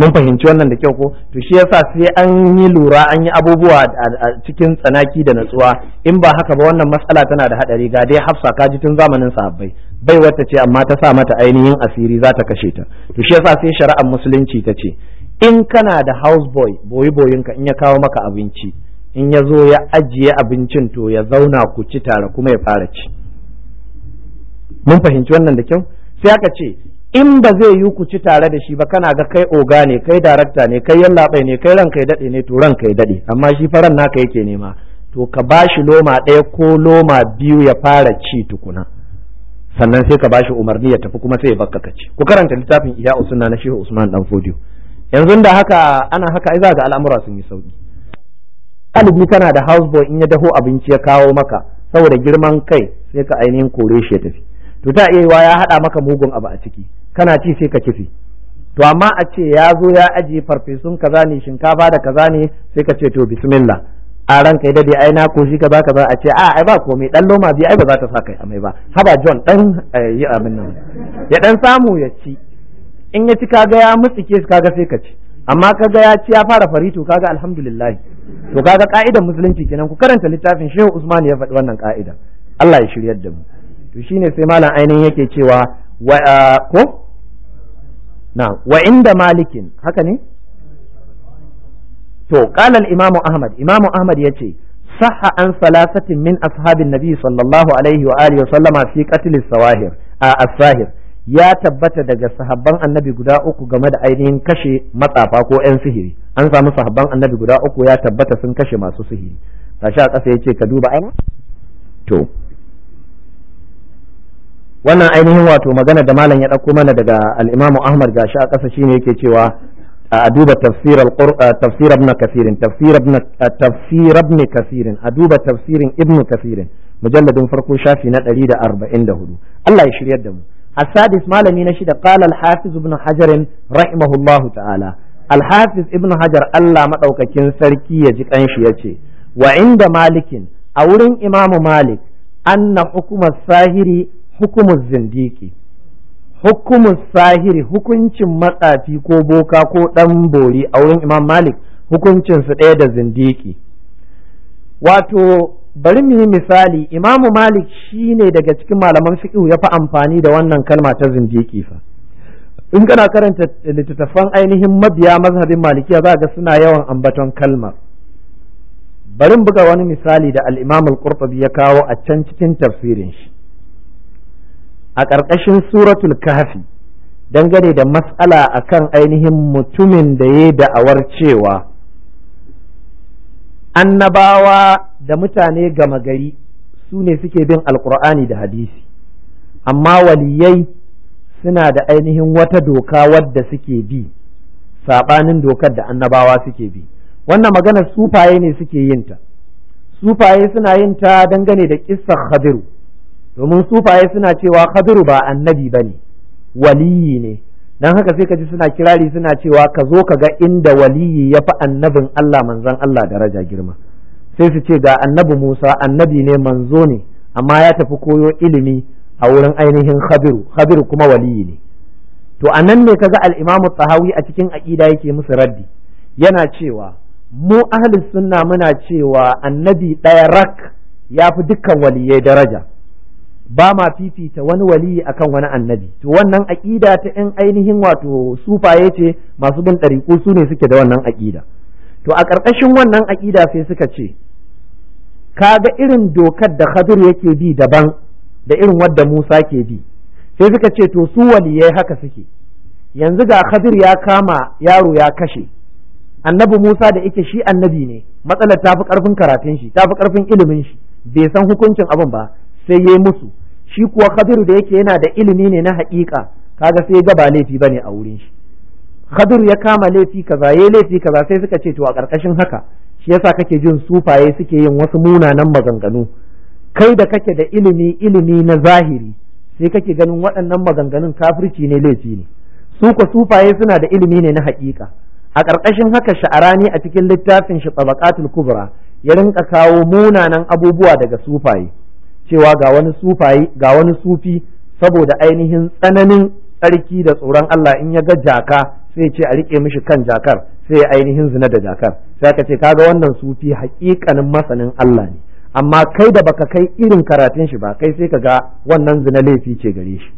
mun fahimci wannan da kyau ko to shi yasa sai an yi lura an yi abubuwa a cikin tsanaki da natsuwa in ba haka ba wannan matsala tana da hadari ga dai hafsa ka ji tun zamanin sahabbai bai wata ce amma ta sa mata ainihin asiri za ta kashe ta to shi yasa sai shari'ar musulunci ta ce in kana da house boy boyi boyinka in ya kawo maka abinci in ya zo ya ajiye abincin to ya zauna ku ci tare kuma ya fara ci mun fahimci wannan da kyau sai aka ce in ba zai yi ku ci tare da shi ba kana ga kai oga ne kai darakta ne kai yallaɓai ne kai ranka ya daɗe ne to ranka ya daɗe amma shi faran naka yake nema to ka ba shi loma ɗaya ko loma biyu ya fara ci tukuna sannan sai ka bashi umarni ya tafi kuma sai ya bakka kace ku karanta littafin iya usunna na shehu usman dan fodio yanzu da haka ana haka ai za ga al'amura sun yi sauki alibi kana da houseboy in ya daho abinci ya kawo maka saboda girman kai sai ka ainihin kore shi ya tafi to ta iya ya haɗa maka mugun abu a ciki kana ci sai ka kifi to amma a ce ya zo ya ajiye farfesun kaza ne shinkafa da kaza ne sai ka ce to bismillah a ranka da dai ai na koshi ka baka ba a ce a ai ba komai dan loma bi ai ba za ta sa kai amai ba haba John dan eh, yi abin nan ya dan samu ya ci in ya ci kaga ya mutsike kaga sai ka ci amma kaga ya ci ya fara fari to kaga alhamdulillah to kaga ka'idar musulunci kenan ku karanta littafin Shehu Usman ya faɗi wannan ka'ida Allah ya shiryar da mu to shine sai malam ainihin yake cewa wa ah, ko na wa inda malikin haka ne to qala al imam ahmad imam ahmad yace sahha an salasatin min ashabin nabi sallallahu alaihi wa alihi wa sallama fi qatl sawahir a as-sahir ya tabbata daga sahabban annabi guda uku game da ainihin kashe matsafa ko yan sihiri an samu sahabban annabi guda uku ya tabbata sun kashe masu sihiri tashi a ƙasa yace ka duba aina to wannan ainihin wato magana da malam ya ɗauko mana daga al'imamu ahmad gashi a ƙasa shine yake cewa a duba tafsir tafsir ibn kasirin tafsir ibn tafsir ibn kasirin a duba tafsirin ibn kasirin mujalladin farko shafi na 144 Allah ya shiryar da mu السادس مالمي نشد قال الحافظ ابن حجر رحمه الله تعالى الحافظ ابن حجر الله مدوكاكين سركي يجي قنشي يجي وعند مالك أورين إمام مالك أن حكم الساهر حكم الزنديكي hukumus sahiri hukuncin matsafi ko boka ko ɗan bori a wurin imam malik hukuncinsu ɗaya da zindiki wato bari mu yi misali imamu malik shi ne daga cikin malaman fiqh ya fi amfani da wannan kalma ta zindiki fa in kana karanta littattafan ainihin mabiya mazhabin malikiya za ga suna yawan ambaton kalma bari buga wani misali da al-imam ya kawo a can cikin tafsirin shi a ƙarƙashin suratul kahfi dangane da matsala kan ainihin mutumin da ya da'awar cewa annabawa da mutane gama gari su ne suke bin alkur'ani da hadisi amma waliyai suna da ainihin wata doka wadda suke bi saɓanin dokar da annabawa suke bi wannan maganar sufaye ne suke yinta sufaye suna yin ta dangane da ƙissar hadiru domin sufaye suna cewa khadru ba annabi bane waliyi ne dan haka sai ka ji suna kirari suna cewa ka zo ka ga inda waliyi ya fi annabin Allah manzon Allah daraja girma sai su ce ga annabi Musa annabi ne manzo ne amma ya tafi koyo ilimi a wurin ainihin khabiru khadru kuma waliyi ne to anan ne kaga al-imamu tsahawi a cikin aqida yake musu raddi yana cewa mu ahlus sunna muna cewa annabi ɗaya rak ya fi dukkan waliyai daraja ba ma fifita wani waliyi akan wani annabi to wannan aƙida ta yan ainihin wato sufaye ce masu bin ɗariƙu su ne suke da wannan aƙida to a ƙarƙashin wannan aƙida sai suka ce kaga irin dokar da Khadir yake bi daban da irin wadda Musa ke bi sai suka ce to su waliyai haka suke yanzu ga Khadir ya kama yaro ya kashe annabi Musa da yake shi annabi ne matsalar ta fi karfin karatun shi ta fi karfin ilimin shi bai san hukuncin abin ba sai yayi musu shi kuwa Khadiru da yake yana da ilimi ne na haƙiƙa kaga sai ga ba laifi bane a wurin shi Khadiru ya kama laifi kaza yayi laifi kaza sai suka ce to a ƙarƙashin haka shi yasa kake jin sufaye suke yin wasu munanan maganganu kai da kake da ilimi ilimi na zahiri sai kake ganin waɗannan maganganun kafirci ne laifi ne su ko sufaye suna da ilimi ne na haƙiƙa a ƙarƙashin haka sha'arani a cikin littafin shi tabaqatul kubra ya rinka kawo munanan abubuwa daga sufaye cewa ga wani sufayi ga wani sufi saboda ainihin tsananin tsarki da tsoron Allah in ya ga jaka sai ce a rike mishi kan jakar sai ya ainihin zina da jakar sai aka ce kaga wannan sufi hakikanin masanin Allah ne amma kai da baka kai irin karatun shi ba kai sai ka ga wannan zina laifi ce gare shi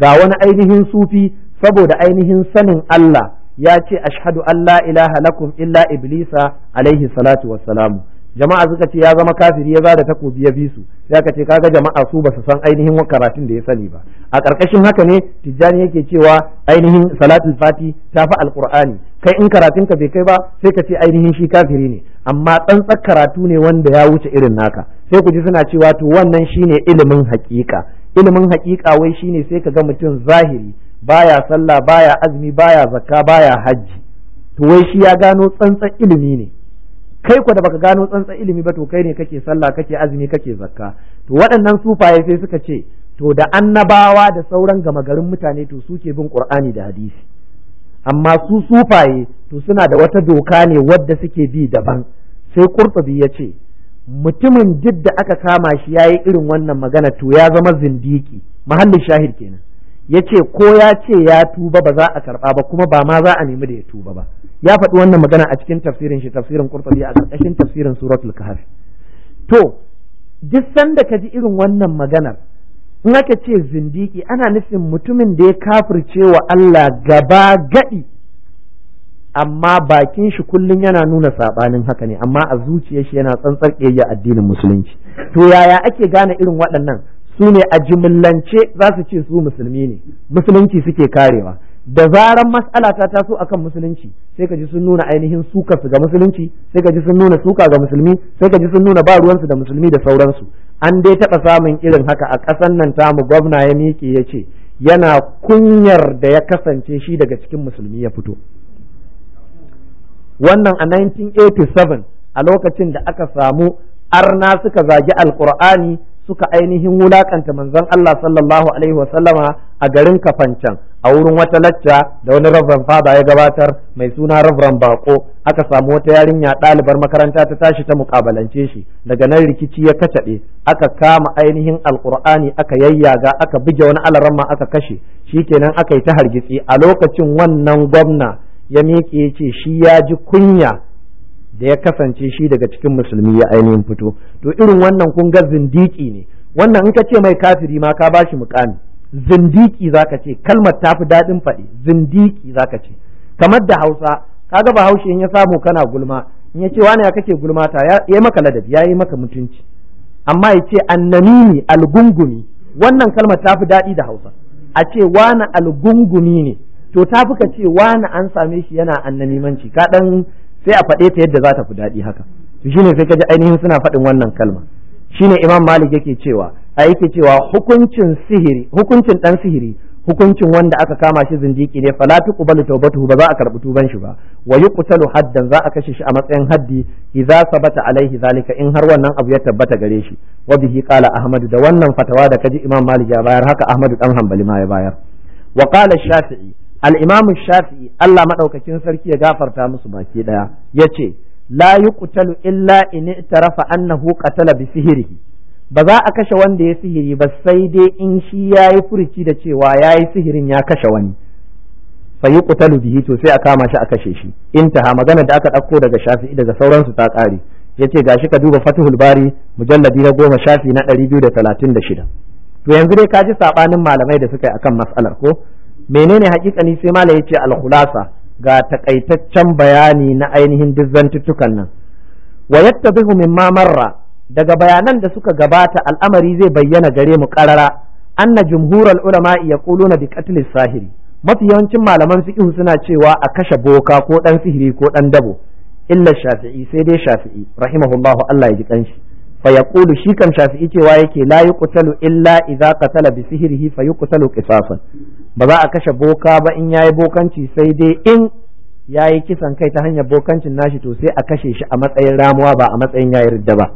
ga wani ainihin sufi saboda ainihin sanin Allah ya ce ashhadu an la ilaha lakum illa iblisa alaihi salatu wassalamu jama'a suka ce ya zama kafiri ya zada takobi ya bi su sai aka ce kaga jama'a su basu san ainihin karatun da ya sani ba a ƙarƙashin haka ne tijjani yake cewa ainihin salatul fati ta fi alƙur'ani kai in karatun ka bai kai ba sai ka ce ainihin shi kafiri ne amma tsantsar karatu ne wanda ya wuce irin naka sai ku ji suna cewa to wannan shine ilimin haƙiƙa ilimin haƙiƙa wai shine sai ka ga mutum zahiri baya sallah baya azumi baya zakka baya hajji to wai shi ya gano tsantsan ilimi ne kai ko da baka gano tsantsan ilimi ba to kai ne kake sallah kake azumi kake zakka to waɗannan sufaye sai suka ce to da annabawa da sauran gama garin mutane to suke bin qur'ani da hadisi amma su sufaye to suna da wata doka ne wadda suke bi daban sai qurtubi ya ce mutumin duk da aka kama shi yayi irin wannan magana to ya zama zindiki mahallin shahid kenan yace ko ya ce ya tuba ba za a karba ba kuma ba ma za a nemi da ya tuba ba ya faɗi wannan magana a cikin tafsirin shi tafsirin qurtubi a ƙarƙashin tafsirin suratul kahf to duk sanda ka ji irin wannan maganar in aka ce zindiki ana nufin mutumin da ya kafirce wa Allah gaba gadi amma bakin shi kullum yana nuna sabanin haka ne amma a zuciyar shi yana tsantsar ƙeyya addinin musulunci to yaya ake gane irin waɗannan su ne a jimillance za su ce su musulmi ne musulunci suke karewa da zaran mas'ala ta taso akan musulunci sai ka ji sun nuna ainihin suka ga musulunci sai ka ji sun nuna suka ga musulmi sai ka ji sun nuna ba ruwansu da musulmi da sauransu an dai taɓa samun irin haka a ƙasan nan tamu gwamna ya miƙe ya ce yana kunyar da ya kasance shi daga cikin musulmi ya fito wannan a 1987 a lokacin da aka samu arna suka zagi alkur'ani suka ainihin wulakanta manzon Allah sallallahu alaihi wasallama a garin kafancan a wurin wata lacca da wani rabban fada ya gabatar mai suna rabban bako aka samu wata yarinya ɗalibar makaranta ta tashi ta mukabalance shi daga nan rikici ya kacaɗe aka kama ainihin alkur'ani aka yayyaga aka buge wani alaramma aka kashe shi kenan aka yi ta hargitsi a lokacin wannan gwamna ya miƙe ya ce shi ya ji kunya da ya kasance shi daga cikin musulmi ya ainihin fito to irin wannan kun ga zindiki ne wannan in ka ce mai kafiri ma ka bashi mukami zindiki zaka ce kalmar tafi daɗin faɗi zindiki zaka ce kamar da hausa ka ba haushe in ya samu kana gulma in ya ce wani ya kake gulma ta ya maka ladabi ya yi maka mutunci amma ya ce annanini algungumi wannan kalmar tafi daɗi da hausa a ce wani algungumi ne to tafi ka ce wani an same shi yana annanimanci ka ɗan sai a faɗe ta yadda za ta fi daɗi haka shi ne sai ka ji ainihin suna faɗin wannan kalma shine imam malik yake cewa a yake cewa hukuncin sihiri hukuncin dan sihiri hukuncin wanda aka kama shi zindiki ne fala tuqbalu tawbatuhu ba za a karbi tuban shi ba wa yuqtalu haddan za a kashe shi a matsayin haddi idza sabata alaihi zalika in har wannan abu ya tabbata gare shi wa bihi qala ahmad da wannan fatawa da kaji imam malik ya bayar haka ahmadu dan hanbali ma ya bayar wa qala shafi'i al-imam shafi'i Allah madaukakin sarki ya gafarta musu baki daya yace la kutalu illa in rafa annahu qatala bi sihrihi ba za a kashe wanda ya sihiri ba sai dai in shi yayi furuci da cewa yayi sihirin ya kashe wani fa kutalu bihi to a kama shi a kashe shi intaha magana da aka ɗauko daga shafi'i daga sauransu ta ƙare yace shi ka duba Fathul Bari mujalladi na goma shafi na ɗari biyu da talatin da shida to yanzu dai ka ji saɓanin malamai da suka yi akan mas'alar ko menene hakikani sai malam ya ce alkhula'sa. ga takaitaccen bayani na ainihin dizzantuttukan nan wa yattabihu mimma marra daga bayanan da suka gabata al'amari zai bayyana gare mu karara anna jumhural ulama yaquluna bi qatl sahiri mafi yawancin malaman fiqh suna cewa a kashe boka ko dan sihiri ko dan dabo illa shafi'i sai dai shafi'i rahimahullahu Allah ya ji kanshi fa yaqulu shi kan shafi'i cewa yake la yuqtalu illa idza qatala bi sihrihi fa yuqtalu qisasan ba za a kashe boka ba in ya yi bokanci sai dai in ya yi kisan kai ta hanyar bokancin nashi to sai a kashe shi a matsayin ramuwa ba a matsayin yi ridda ba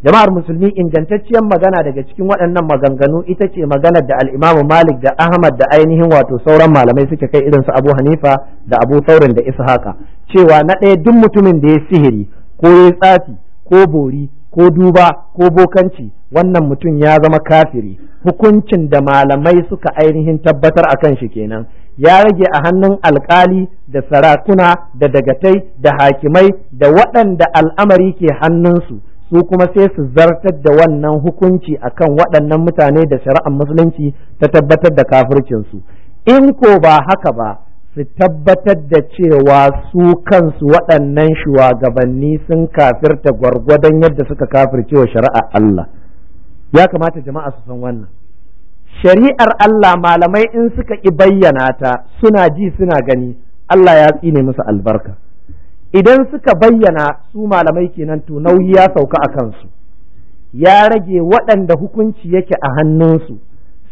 jama'ar musulmi ingantacciyar magana daga cikin waɗannan maganganu ita ce maganar da al'imamu malik da ahmad da ainihin wato sauran malamai suke kai irin su abu hanifa da abu saurin da ishaqa cewa na ɗaya duk mutumin da ya sihiri ko ya tsafi ko bori ko duba ko bokanci wannan mutum ya zama kafiri hukuncin da malamai suka ainihin tabbatar a kan shi kenan ya rage a hannun alkali da sarakuna da dagatai da hakimai da waɗanda al'amari ke hannunsu su kuma sai su zartar da wannan hukunci akan waɗannan mutane da shari'ar musulunci ta tabbatar da kafircinsu in ko ba haka ba su tabbatar da cewa su kansu waɗannan shugabanni sun kafirta gwargwadon yadda suka kafirce wa shari'a Allah ya kamata jama'a su san wannan shari'ar Allah malamai in suka ki bayyana ta suna ji suna gani Allah ya tsine musu albarka idan suka bayyana su malamai kenan to nauyi ya sauka a kansu ya rage waɗanda hukunci yake a hannunsu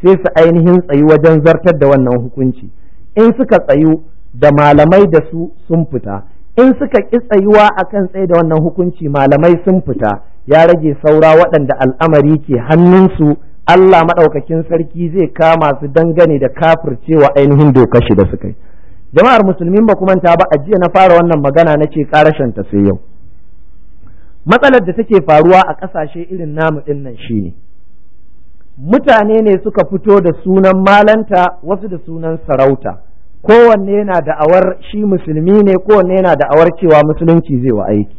sai su ainihin tsayi wajen zartar da wannan hukunci in suka tsayu da malamai da su sun fita in suka ƙi tsayuwa kan tsaye da wannan hukunci malamai sun fita ya rage saura waɗanda al'amari ke hannunsu Allah maɗaukakin sarki zai kama su dangane da kafircewa ainihin doka shi da suka yi jama'ar musulmi ba manta ba a jiya na fara wannan magana na ce karashen ta sai yau matsalar da take faruwa a ƙasashe irin namu ɗin nan shine mutane ne suka fito da sunan malanta wasu da sunan sarauta kowanne yana da'awar shi musulmi ne kowanne yana da awar cewa musulunci zai wa aiki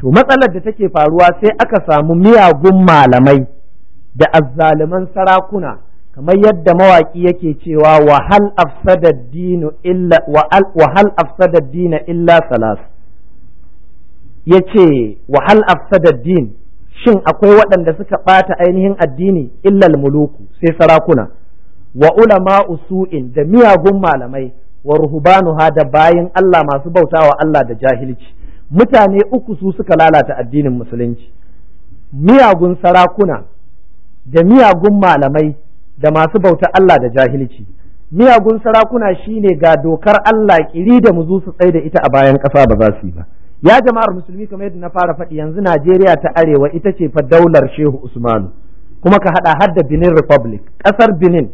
to matsalar da take faruwa sai aka samu miyagun malamai da azzaluman sarakuna kamar yadda mawaƙi yake cewa wahal afsada dinu illa wahal afsada ce wahal afsada din shin akwai waɗanda suka ɓata ainihin addini illal muluku sai sarakuna wa ulama usu'in da miyagun malamai wa ha da bayan Allah masu bautawa Allah da jahilci mutane uku su suka lalata addinin musulunci miyagun sarakuna da miyagun malamai da masu bauta Allah da jahilci miyagun sarakuna shine ga dokar Allah kiri da muzu su tsaye da ita a bayan ƙasa ba za su yi ba ya jama'ar musulmi kamar yadda na fara faɗi yanzu Najeriya ta arewa ita ce fa daular Shehu Usmanu kuma ka haɗa da Benin Republic ƙasar Benin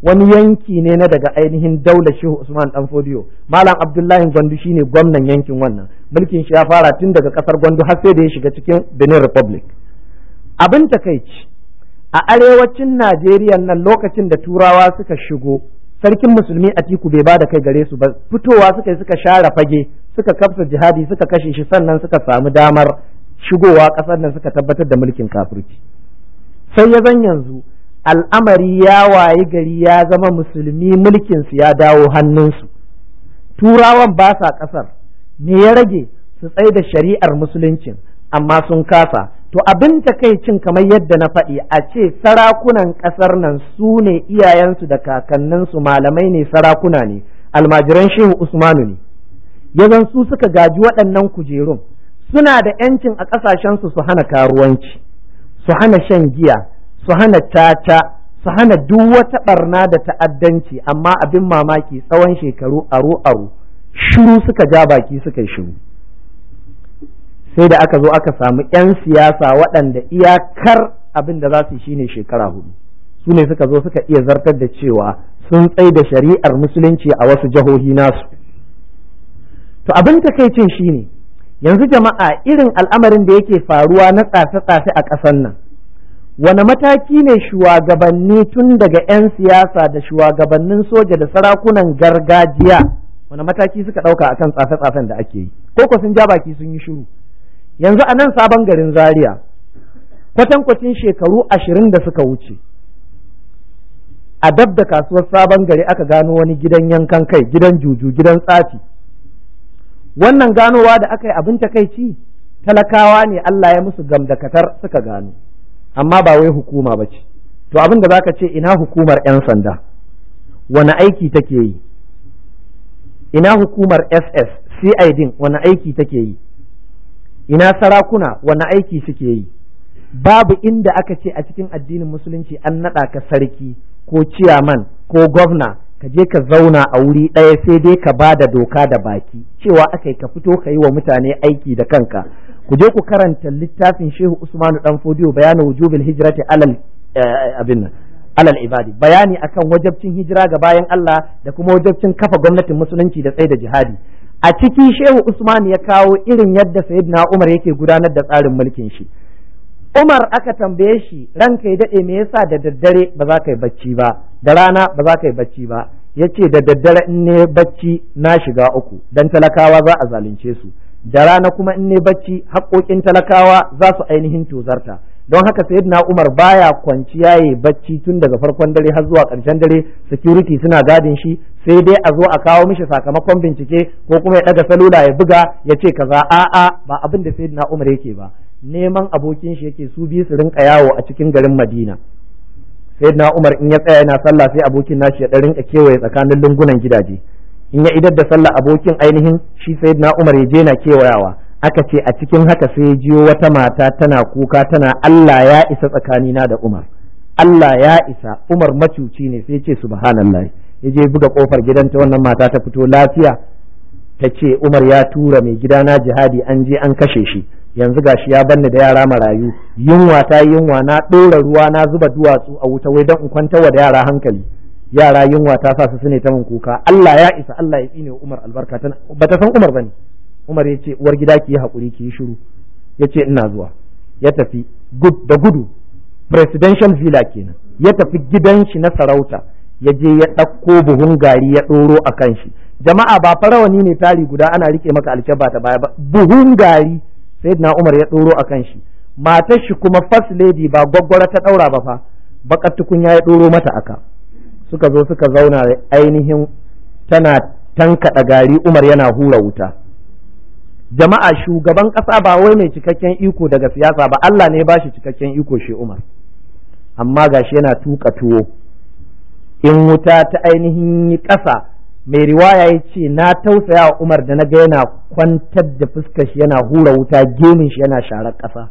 wani yanki ne na daga ainihin daular Shehu Usman dan Fodiyo Malam Abdullahi Gwandu shine gwamnan yankin wannan mulkin shi ya fara tun daga ƙasar Gwandu har sai da ya shiga cikin Benin Republic abin takaici a arewacin Najeriya nan lokacin da turawa suka shigo sarkin musulmi Atiku bai ba da kai gare su ba fitowa suka yi suka share fage suka kafsa jihadi suka kashe shi sannan suka samu damar shigowa ƙasar nan suka tabbatar da mulkin kafirci sai ya zan yanzu al'amari ya wayi gari ya zama musulmi mulkin su ya dawo hannunsu turawan ba sa ƙasar me ya rage su tsaye da shari'ar musuluncin amma sun kasa to abin takaicin kamar yadda na faɗi a ce sarakunan ƙasar nan su ne iyayensu da kakanninsu malamai ne sarakuna ne almajiran shehu usmanu ne ya zan su suka gaji waɗannan kujerun suna da yancin a ƙasashensu su hana karuwanci su hana shan giya su hana caca su hana duk wata barna da ta'addanci amma abin mamaki tsawon shekaru aro aro shiru suka ja baki suka shiru sai da aka zo aka samu 'yan siyasa waɗanda iyakar abin da za su shine shekara hudu su ne suka zo suka iya zartar da cewa sun tsaida da shari'ar musulunci a wasu jihohi nasu to abin ta takaicin shine yanzu jama'a irin al'amarin da yake faruwa na tsafe-tsafe a ƙasar nan wane mataki ne shugabanni tun daga 'yan siyasa da shugabannin soja da sarakunan gargajiya wane mataki suka ɗauka akan tsafe-tsafen da ake yi ko sun ja baki sun yi shiru yanzu a nan sabon garin zaria kwatankwacin shekaru ashirin da suka wuce a dab da kasuwar sabon gari aka gano wani gidan yankan kai gidan juju gidan tsafi wannan ganowa da aka yi abin takaici talakawa ne Allah ya musu gamdakatar suka gano amma ba wai hukuma ba ce to abin da zaka ce ina hukumar 'yan sanda wani aiki take yi ina hukumar ss cid wani aiki take yi ina sarakuna wani aiki suke yi babu inda aka ce a cikin addinin musulunci an naɗa ka sarki ko ciyaman ko gwamna ka je ka zauna a wuri ɗaya sai dai ka ba da doka da baki cewa aka yi ka fito ka yi wa mutane aiki da kanka ku je ku karanta littafin shehu usmanu dan fodiyo bayani wujubil hijrati alal eh, abin alal ibadi bayani akan wajabcin hijira ga bayan Allah da kuma wajabcin kafa gwamnatin musulunci da tsaye da jihadi a ciki shehu usman ya kawo irin yadda sayyidina umar yake gudanar da tsarin mulkin shi umar aka tambaye shi ranka ya daɗe me yasa da daddare ba za ka yi bacci ba da rana ba za ka yi bacci ba ya ce da daddare in ne bacci na shiga uku don talakawa za a zalunce su da rana kuma in ne bacci haƙoƙin talakawa za su ainihin tozarta don haka na Umar baya kwanciya yayi bacci tun daga farkon dare har zuwa ƙarshen dare security suna gadin shi sai dai a zo a kawo mishi sakamakon bincike ko kuma ya ɗaga salula ya buga ya ce kaza a'a ba abin da na Umar yake ba neman abokin shi yake su biyu su rinka yawo a cikin garin Madina na Umar in ya tsaya yana sallah sai abokin nashi ya a kewaye tsakanin lungunan gidaje in ya idar da sallah abokin ainihin shi na Umar ya je na kewayawa aka ce a cikin haka sai ya jiyo wata mata tana kuka tana Allah ya isa tsakanina da Umar Allah ya isa Umar macuci ne sai ya ce subhanallahi ya je buga kofar ta wannan mata ta fito lafiya ta ce Umar ya tura mai gidana jihadi an je an kashe shi yanzu ga shi ya banni da yara marayu yunwa ta yunwa na ɗora ruwa na zuba duwatsu a wuta wai don in kwanta wa da yara hankali yara yunwa ta sa su sune ta min kuka Allah ya isa Allah ya tsine Umar albarka tana bata san Umar bane Umar yace uwar gida ki yi hakuri ki yi shiru yace ina zuwa ya tafi gud da gudu presidential villa kenan ya tafi gidan shi na sarauta ya je ya ɗauko buhun gari ya ɗoro a kan shi jama'a ba farawani ne tari guda ana rike maka alkyabba ta baya ba buhun gari na Umar ya ɗoro a kan shi matar shi kuma first lady ba gwaggwara ta ɗaura ba fa bakar tukunya ya ɗoro mata aka suka zo suka zauna ainihin tana tankaɗa gari Umar yana hura wuta jama'a shugaban ƙasa ba wai mai cikakken iko daga siyasa ba Allah ne ba shi cikakken iko shi Umar amma gashi yana tuka tuwo in wuta ta ainihin yi ƙasa mai riwaya ya ce na tausaya wa umar da na ga yana kwantar da fuskar shi yana hura wuta gemin shi yana sharar ƙasa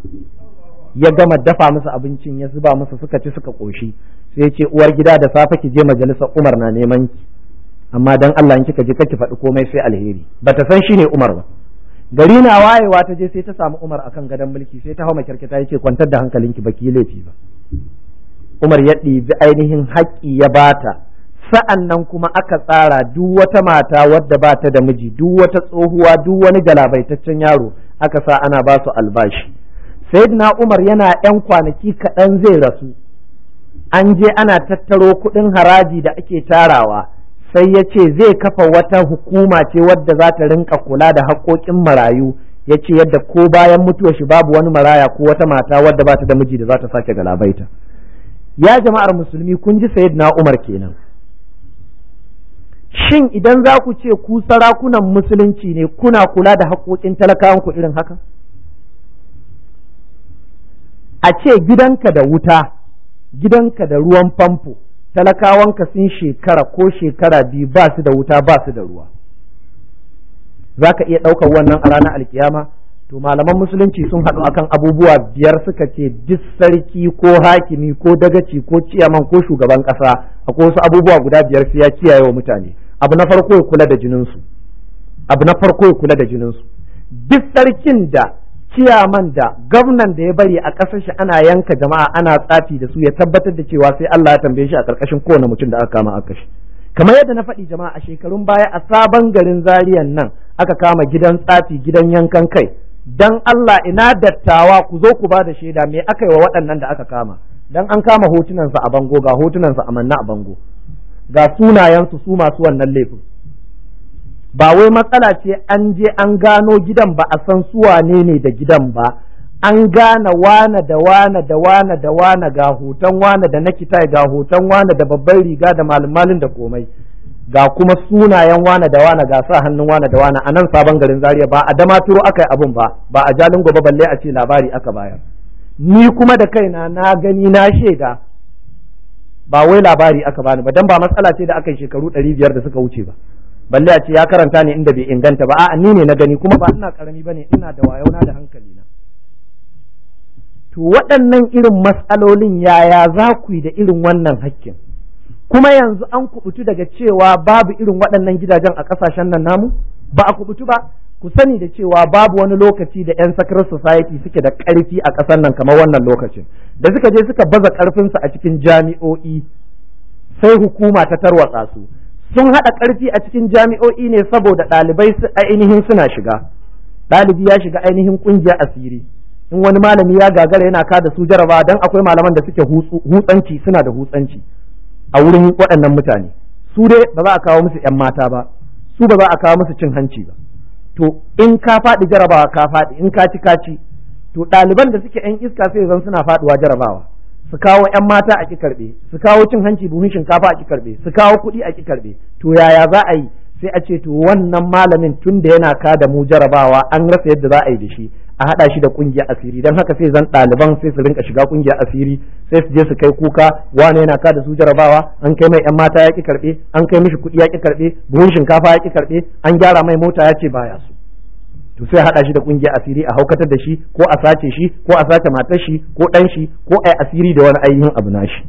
ya gama dafa musu abincin ya zuba musu suka ci suka ƙoshi sai ce uwar gida da safe ki je majalisar umar na neman ki amma dan Allah in kika je kake faɗi komai sai alheri bata san shine umar ba gari na wayewa ta je sai ta samu umar akan gadon mulki sai ta hau makirkita ya ce kwantar da hankalinki baki laifi ba umar ya ɗibi ainihin haƙƙi ya bata sa'an nan kuma aka tsara duk wata mata wadda ba ta da miji duk wata tsohuwa duk wani galabaitaccen yaro aka sa ana ba su albashi na umar yana yan kwanaki kaɗan zai rasu an je ana tattaro kuɗin haraji da ake tarawa sai ya ce zai kafa wata hukuma ce wadda za ta rinka kula da haƙoƙin marayu ya ce yadda ko bayan mutuwar shi babu wani maraya ko wata mata wadda ba ta da miji da za ta sake galabaita ya jama'ar musulmi kun ji na umar kenan shin idan za ku ce ku sarakunan musulunci ne kuna kula da haƙoƙin talakawan ku irin haka a ce gidanka da wuta gidanka da ruwan famfo talakawanka sun shekara ko shekara biyu ba su da wuta ba su da ruwa za ka iya ɗaukar wannan a ranar alkiyama to malaman musulunci sun haɗu akan abubuwa biyar suka ce duk sarki ko hakimi ko dagaci ko ciyaman ko shugaban ƙasa akwai wasu abubuwa guda biyar su ya kiyaye wa mutane abu na farko ya kula da jininsu abu na farko ya kula da jininsu duk sarkin da ciyaman da gwamnan da ya bari a ƙasar shi ana yanka jama'a ana tsafi da su ya tabbatar da cewa sai Allah ya tambaye shi a ƙarƙashin kowane mutum da aka kama aka shi kamar yadda na faɗi jama'a a shekarun baya a sabon garin zariyan nan aka kama gidan tsafi gidan yankan kai dan Allah ina dattawa ku zo ku ba da shaida me aka yi wa waɗannan da aka kama dan an kama hotunansa a bango ga hotunansa a manna a bango ga sunayensu su masu wannan laifin ba wai matsala ce an je an gano gidan ba a san su wane ne da gidan ba an gane wane da wane da wane da wane ga hoton wane da nakitai ga hoton wane da babban riga da malin da komai ga kuma sunayen wane da wane ga sa hannun wane da wane a nan sabon garin zaria ba a damaturu aka yi abin ba ba a jalin gobe balle a ce labari aka bayar ni kuma da kaina na gani na shaida ba wai labari aka bani ba dan ba matsala ce da aka yi shekaru ɗari biyar da suka wuce ba balle a ce ya karanta ne inda bai inganta ba a'a ni ne na gani kuma ba ina karami bane ina da wayona da hankali na to waɗannan irin matsalolin yaya za ku yi da irin wannan hakkin kuma yanzu an kubutu daga cewa babu irin waɗannan gidajen a ƙasashen nan namu ba a kubutu ba ku sani da cewa babu wani lokaci da 'yan Sakarar society suke da ƙarfi a ƙasar nan kamar wannan lokacin da suka je suka baza ƙarfinsu a cikin jami'o'i sai hukuma ta tarwatsa su sun haɗa ƙarfi a cikin jami'o'i ne saboda ɗalibai su ainihin suna shiga ɗalibi ya shiga ainihin ƙungiya asiri in wani malami ya gagara yana kada su jaraba don akwai malaman da suke hutsanci suna da hutsanci a wurin waɗannan mutane su dai ba za a kawo musu 'yan mata ba su ba za a kawo musu cin hanci ba to in ka faɗi jarabawa ka faɗi in ka ci ka ci to ɗaliban da suke yan iska sai zan suna faɗuwa jarabawa su kawo yan mata a ki karɓe su kawo cin hanci buhun shinkafa a ki karɓe su kawo kuɗi a ki karɓe to yaya za a yi sai a ce to wannan malamin tun da yana ka da mu jarabawa an rasa yadda za a yi da shi a haɗa shi da ƙungiya asiri don haka sai zan ɗaliban sai su rinka shiga ƙungiya asiri sai su je su kai kuka wane yana ka da su jarabawa an kai mai yan mata ya ƙi karɓe an kai mishi kuɗi ya ƙi karɓe buhun shinkafa ya ƙi karɓe an gyara mai mota ya ce baya su to sai haɗa shi da ƙungiya asiri a haukatar da shi ko a sace shi ko a sace matar shi ko ɗan shi ko a asiri da wani ainihin abu na shi.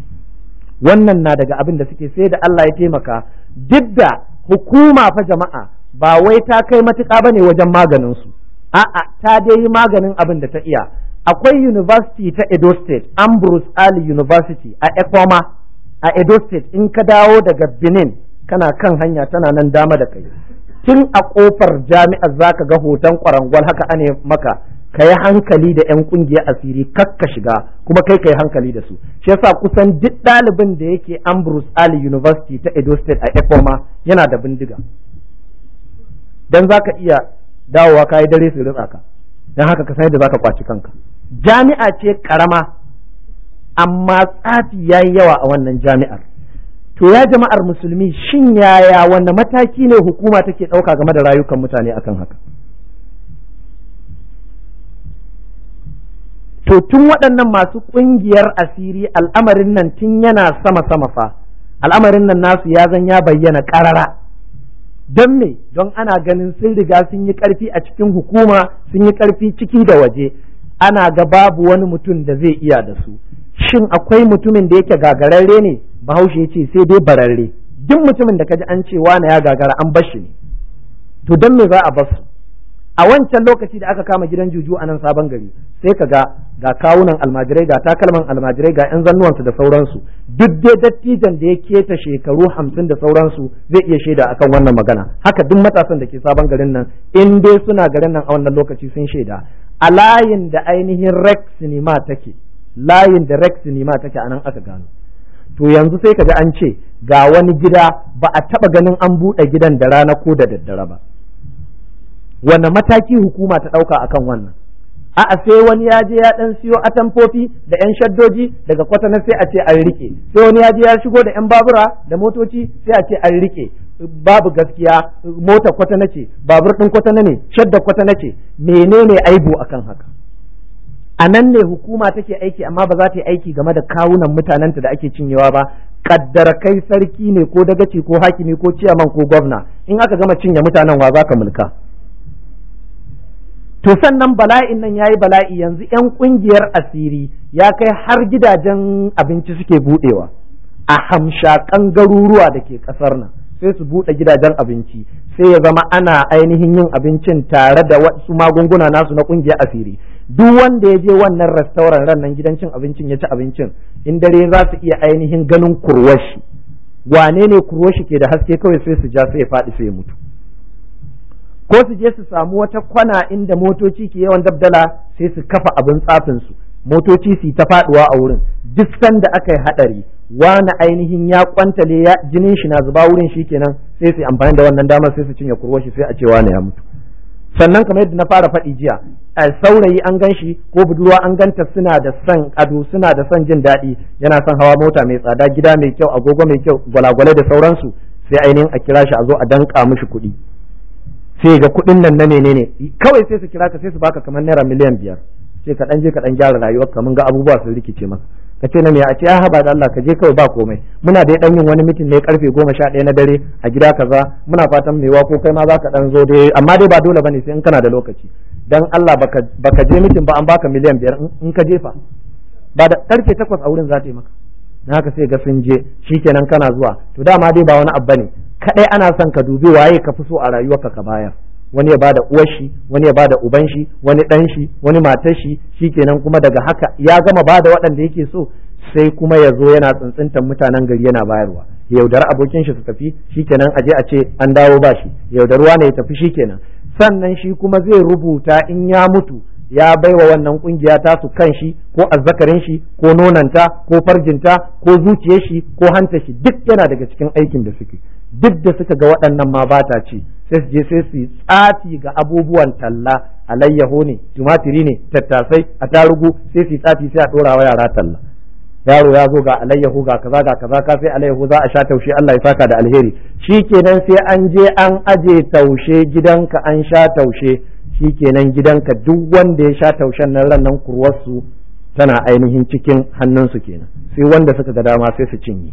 wannan na daga abin da suke sai da Allah ya taimaka duk da hukuma fa jama'a ba wai ta kai matuƙa bane wajen maganin su a'a ta dai yi maganin abin da ta iya akwai university ta Edo State Ambrose Ali University a Ekoma a Edo State in ka dawo daga Benin kana kan hanya tana nan dama da kai tun a kofar jami'ar zaka ga hoton kwarangwal haka ane maka ka yi hankali da 'yan kungiyar asiri kakka shiga kuma kai ka yi hankali da su shi yasa kusan duk ɗalibin da yake Ambrose Ali University ta Edo State a Ekoma yana da bindiga dan zaka iya dawowa ka yi dare su ritsa ka don haka ka sai da ka kwaci kanka jami'a ce karama amma tsafi ya yi yawa a wannan jami'ar to ya jama'ar musulmi shin yaya wanda mataki ne hukuma take ɗauka game da rayukan mutane akan haka to tun waɗannan masu ƙungiyar asiri al'amarin nan tun yana sama sama fa al'amarin nan nasu ya zan ya bayyana ƙarara don me don ana ganin sun riga sun yi karfi a cikin hukuma sun yi karfi ciki da waje ana ga babu wani mutum da zai iya da su shin akwai mutumin da yake gagararre ne bahaushe ya ce sai dai bararre duk mutumin da kaji an ce wane ya gagara an bashi ne to don me za a basu a wancan lokaci da aka kama gidan juju a nan sabon gari sai ka ga ga kawunan almajirai ga takalman almajirai ga yan zannuwansu da sauransu duk dai dattijan da ya keta shekaru hamsin da sauransu zai iya shaida akan wannan magana haka duk matasan da ke sabon garin nan in dai suna garin nan a wannan lokaci sun shaida a layin da ainihin rex cinema take layin da rex cinema take a nan aka gano to yanzu sai kaji an ce ga wani gida ba a taba ganin an buɗe gidan da rana ko da daddare ba wane mataki hukuma ta ɗauka akan wannan a'a sai wani ya je ya dan siyo atamfofi da yan shaddoji daga kwatana sai a ce an rike sai wani ya je ya shigo da yan babura da motoci sai a ce an rike babu gaskiya mota kwatana ce babur din kwatana ne shadda kwatana ce menene aibu akan haka a nan ne hukuma take aiki amma ba za ta yi aiki game da kawunan mutanenta da ake cinyewa ba kaddara kai sarki ne ko dagaci ko hakimi ko ciyaman ko gwamna in aka gama cinye mutanen wa za ka mulka to sannan bala'in nan yayi bala'i yanzu yan kungiyar asiri ya kai har gidajen abinci suke budewa a hamshakan garuruwa da ke kasar nan sai su bude gidajen abinci sai ya zama ana ainihin yin abincin tare da wasu magunguna nasu na kungiyar asiri duk wanda ya je wannan restaurant ran nan gidan cin abincin ya ci abincin in dare za su iya ainihin ganin kurwashi wane ne kurwashi ke da haske kawai sai su ja sai ya faɗi sai ya mutu ko su je su samu wata kwana inda motoci ke yawan dabdala sai su kafa abin tsafin su motoci su ta faduwa a wurin duk sanda aka yi hadari wani ainihin ya kwantale ya jinin shi na zuba wurin shi kenan sai su amfani da wannan damar sai su cinye kurwa shi sai a ce wani ya mutu sannan kamar yadda na fara faɗi jiya a saurayi an gan shi ko budurwa an ganta suna da son ado suna da son jin daɗi yana son hawa mota mai tsada gida mai kyau agogo mai kyau gwalagwale da sauransu sai ainihin a kira shi a zo a danka mishi kuɗi sai ga kuɗin nan na menene kawai sai su kira ka sai su baka kamar naira miliyan biyar sai ka dan je ka dan gyara rayuwar ka mun ga abubuwa sun rikice maka ka ce na me a ce ya ah, haba da Allah ka je kawai ba komai muna da dan yin wani mitin ne karfe goma sha ɗaya na dare a gida kaza muna fatan mewa ko kai ma za ka dan zo dai amma dai ba dole bane sai in kana da lokaci dan Allah baka baka je mitin ba an baka miliyan biyar in ka jefa ba da karfe takwas a wurin za ta yi maka na haka sai ga sun je shikenan kana zuwa to dama dai ba wani abu ne. kadai ana son ka dubi waye ka fi so a rayuwarka ka bayar wani ya bada uwar shi wani ya bada uban shi wani dan shi wani matar shi shikenan kuma daga haka ya gama bada waɗanda yake so sai kuma ya zo yana tsuntsuntan mutanen gari yana bayarwa yaudari abokin shi su tafi shikenan aje a ce an dawo bashi shi yaudaruwa ne ya tafi shikenan sannan shi kuma zai rubuta in ya mutu ya baiwa wannan kungiya ta su kan shi ko azzakarin shi ko nonanta ko farjinta ko zuciyar shi ko hanta shi duk yana daga cikin aikin da suke duk da suka ga waɗannan ma ba ta ci sai su je sai su tsafi ga abubuwan talla alayyaho ne tumatiri ne tattasai a tarugu sai su tsafi sai a ɗora wa yara talla yaro ya zo ga alayyaho ga kaza ga kaza ka sai alayyaho za a sha taushe Allah ya saka da alheri shikenan sai an je an aje taushe gidanka an sha taushe shikenan gidanka duk wanda ya sha taushen nan rannan kurwarsu tana ainihin cikin hannunsu kenan sai wanda suka ga dama sai su cinye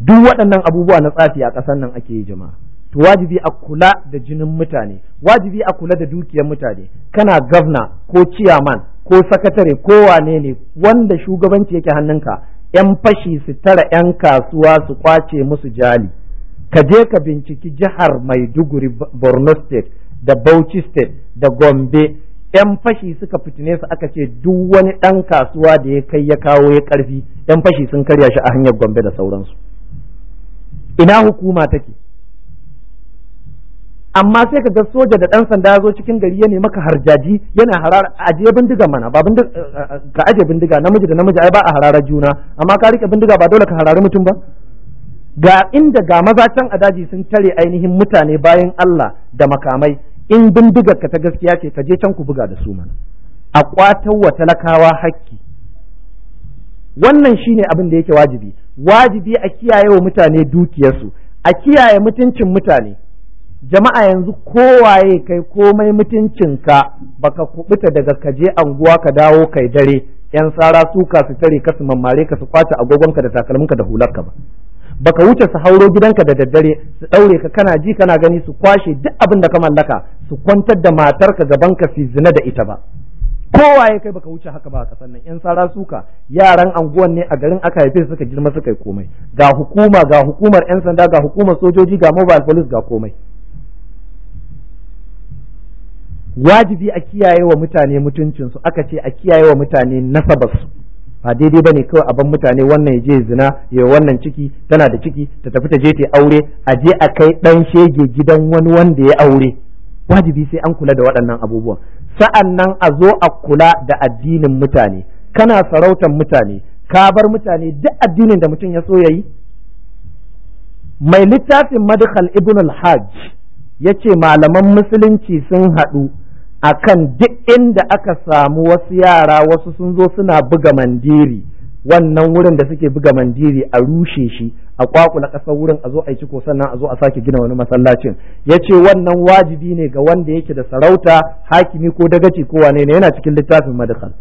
duk waɗannan abubuwa na tsafi a ƙasar nan ake yi jama'a to wajibi a kula da jinin mutane wajibi a kula da dukiyar mutane kana gavna ko ciyaman ko sakatare ko wane ne wanda shugabanci yake hannunka yan fashi su tara yan kasuwa su kwace musu jali ka je ka binciki jihar maiduguri borno state da bauchi state da gombe yan fashi suka fitine su aka ce duk wani ɗan kasuwa da ya kai ya kawo ya karfi, yan fashi sun karya shi a hanyar gombe da sauransu ina hukuma take amma sai ka ga soja da ɗan sanda ya zo cikin gari ya ka harjaji yana harara ajiye bindiga mana ba bindiga ka aje bindiga namiji da namiji ai ba a harara juna amma ka rike bindiga ba dole ka harari mutum ba ga inda ga maza can a daji sun tare ainihin mutane bayan Allah da makamai in bindigar ka ta gaskiya ce ka je can ku buga da su mana a kwatar wa talakawa hakki wannan shine abin da yake wajibi wajibi a kiyaye wa mutane dukiyarsu a kiyaye mutuncin mutane jama'a yanzu kowaye kai komai mutuncinka baka kubuta daga kaje anguwa ka dawo kai dare yan sara suka su tare ka su mammare ka su kwace agogonka da takalminka da hularka ba baka wuce su hauro gidanka da daddare su ɗaure ka kana ji kana gani su kwashe duk abin da ka mallaka su kwantar da matarka gaban ka su zina da ita ba kowa ya kai baka wuce haka ba a kasan nan yan sara suka yaran anguwan ne a garin aka haife suka girma suka yi komai ga hukuma ga hukumar yan sanda ga hukumar sojoji ga mobile police ga komai wajibi a kiyaye wa mutane mutuncinsu aka ce a kiyaye wa mutane nasabarsu ba daidai bane kawai a ban mutane wannan ya je zina ya wannan ciki tana da ciki ta tafi ta je ta aure a je a kai dan shege gidan wani wanda ya aure wajibi sai an kula da waɗannan abubuwan sa'an nan a zo a kula da addinin mutane kana sarautar mutane ka bar mutane duk addinin da mutum ya so ya yi? mai littafin madkhal ibn al-hajj yace malaman musulunci sun haɗu akan duk inda aka samu wasu yara wasu sun zo suna buga mandiri wannan wurin da suke buga mandiri a rushe shi a kwakula ƙasar wurin a zo a yi ciko sannan a zo a sake gina wani masallacin ya ce wannan wajibi ne ga wanda yake da sarauta hakimi ko dagaci ko wane ne yana cikin littafin madakal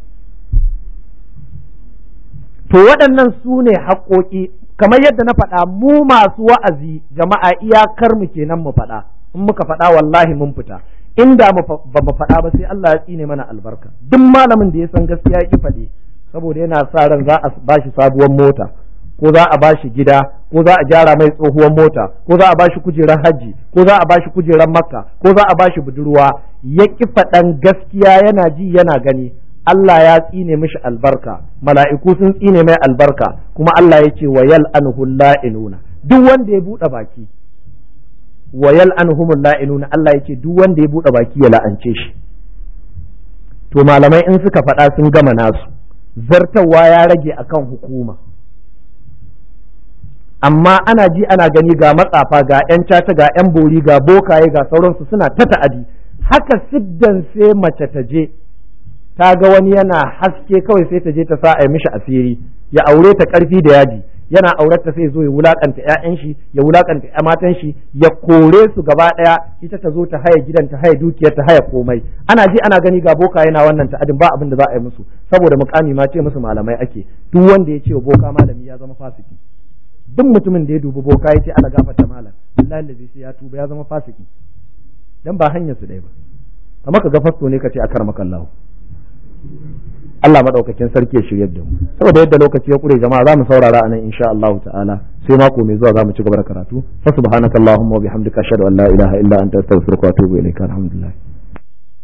to waɗannan su ne haƙoƙi kamar yadda na faɗa mu masu wa'azi jama'a iyakar mu kenan mu faɗa in muka faɗa wallahi mun fita inda ba mu faɗa ba sai Allah ya tsine mana albarka duk malamin da ya san gaskiya ya ki saboda yana sa ran za a bashi sabuwar mota ko za a bashi gida ko za a gyara mai tsohuwar mota ko za a bashi kujerar hajji ko za a shi kujerar makka ko za a bashi budurwa ya ki faɗan gaskiya yana ji yana gani Allah ya tsine mishi albarka mala'iku sun tsine mai albarka kuma Allah ya ce wa anhu la'inuna duk wanda ya buɗe baki wa yal'anuhumul la'inun Allah ce duk wanda ya bude baki ya la'ance shi to malamai in suka faɗa sun gama nasu zartawa ya rage akan hukuma amma ana ji ana gani ga matsafa ga 'yan caca ga 'yan bori ga bokaye ga sauransu suna ta ta'adi haka siddan sai mace ta je ta ga wani yana haske kawai sai ta je ta sa a mishi asiri ya aure ta ƙarfi da yaji yana aurarta sai zo ya wulakanta ƴaƴan shi ya wulakanta matan shi ya kore su gaba ɗaya ita ta zo ta haya gidan ta haya dukiyar ta haya komai ana ji ana gani ga boka yana wannan ta'adin ba abin da za a yi musu saboda mukami ma ce musu malamai ake duk wanda ya ce wa boka malami ya zama fasiki duk mutumin da ya dubi boka ya ce ana gafarta malam wallahi lazi sai ya tuba ya zama fasiki dan ba hanyar su dai ba amma ka ga fasto ne ka ce akar makallahu Allah madaukakin sarki ya shiryar da mu saboda yadda lokaci ya kure jama'a zamu saurara anan insha Allah ta'ala sai mako mai zuwa zamu ci gaba da karatu fa subhanakallahumma wa bihamdika ashhadu an la ilaha illa anta astaghfiruka wa atubu ilaika alhamdulillah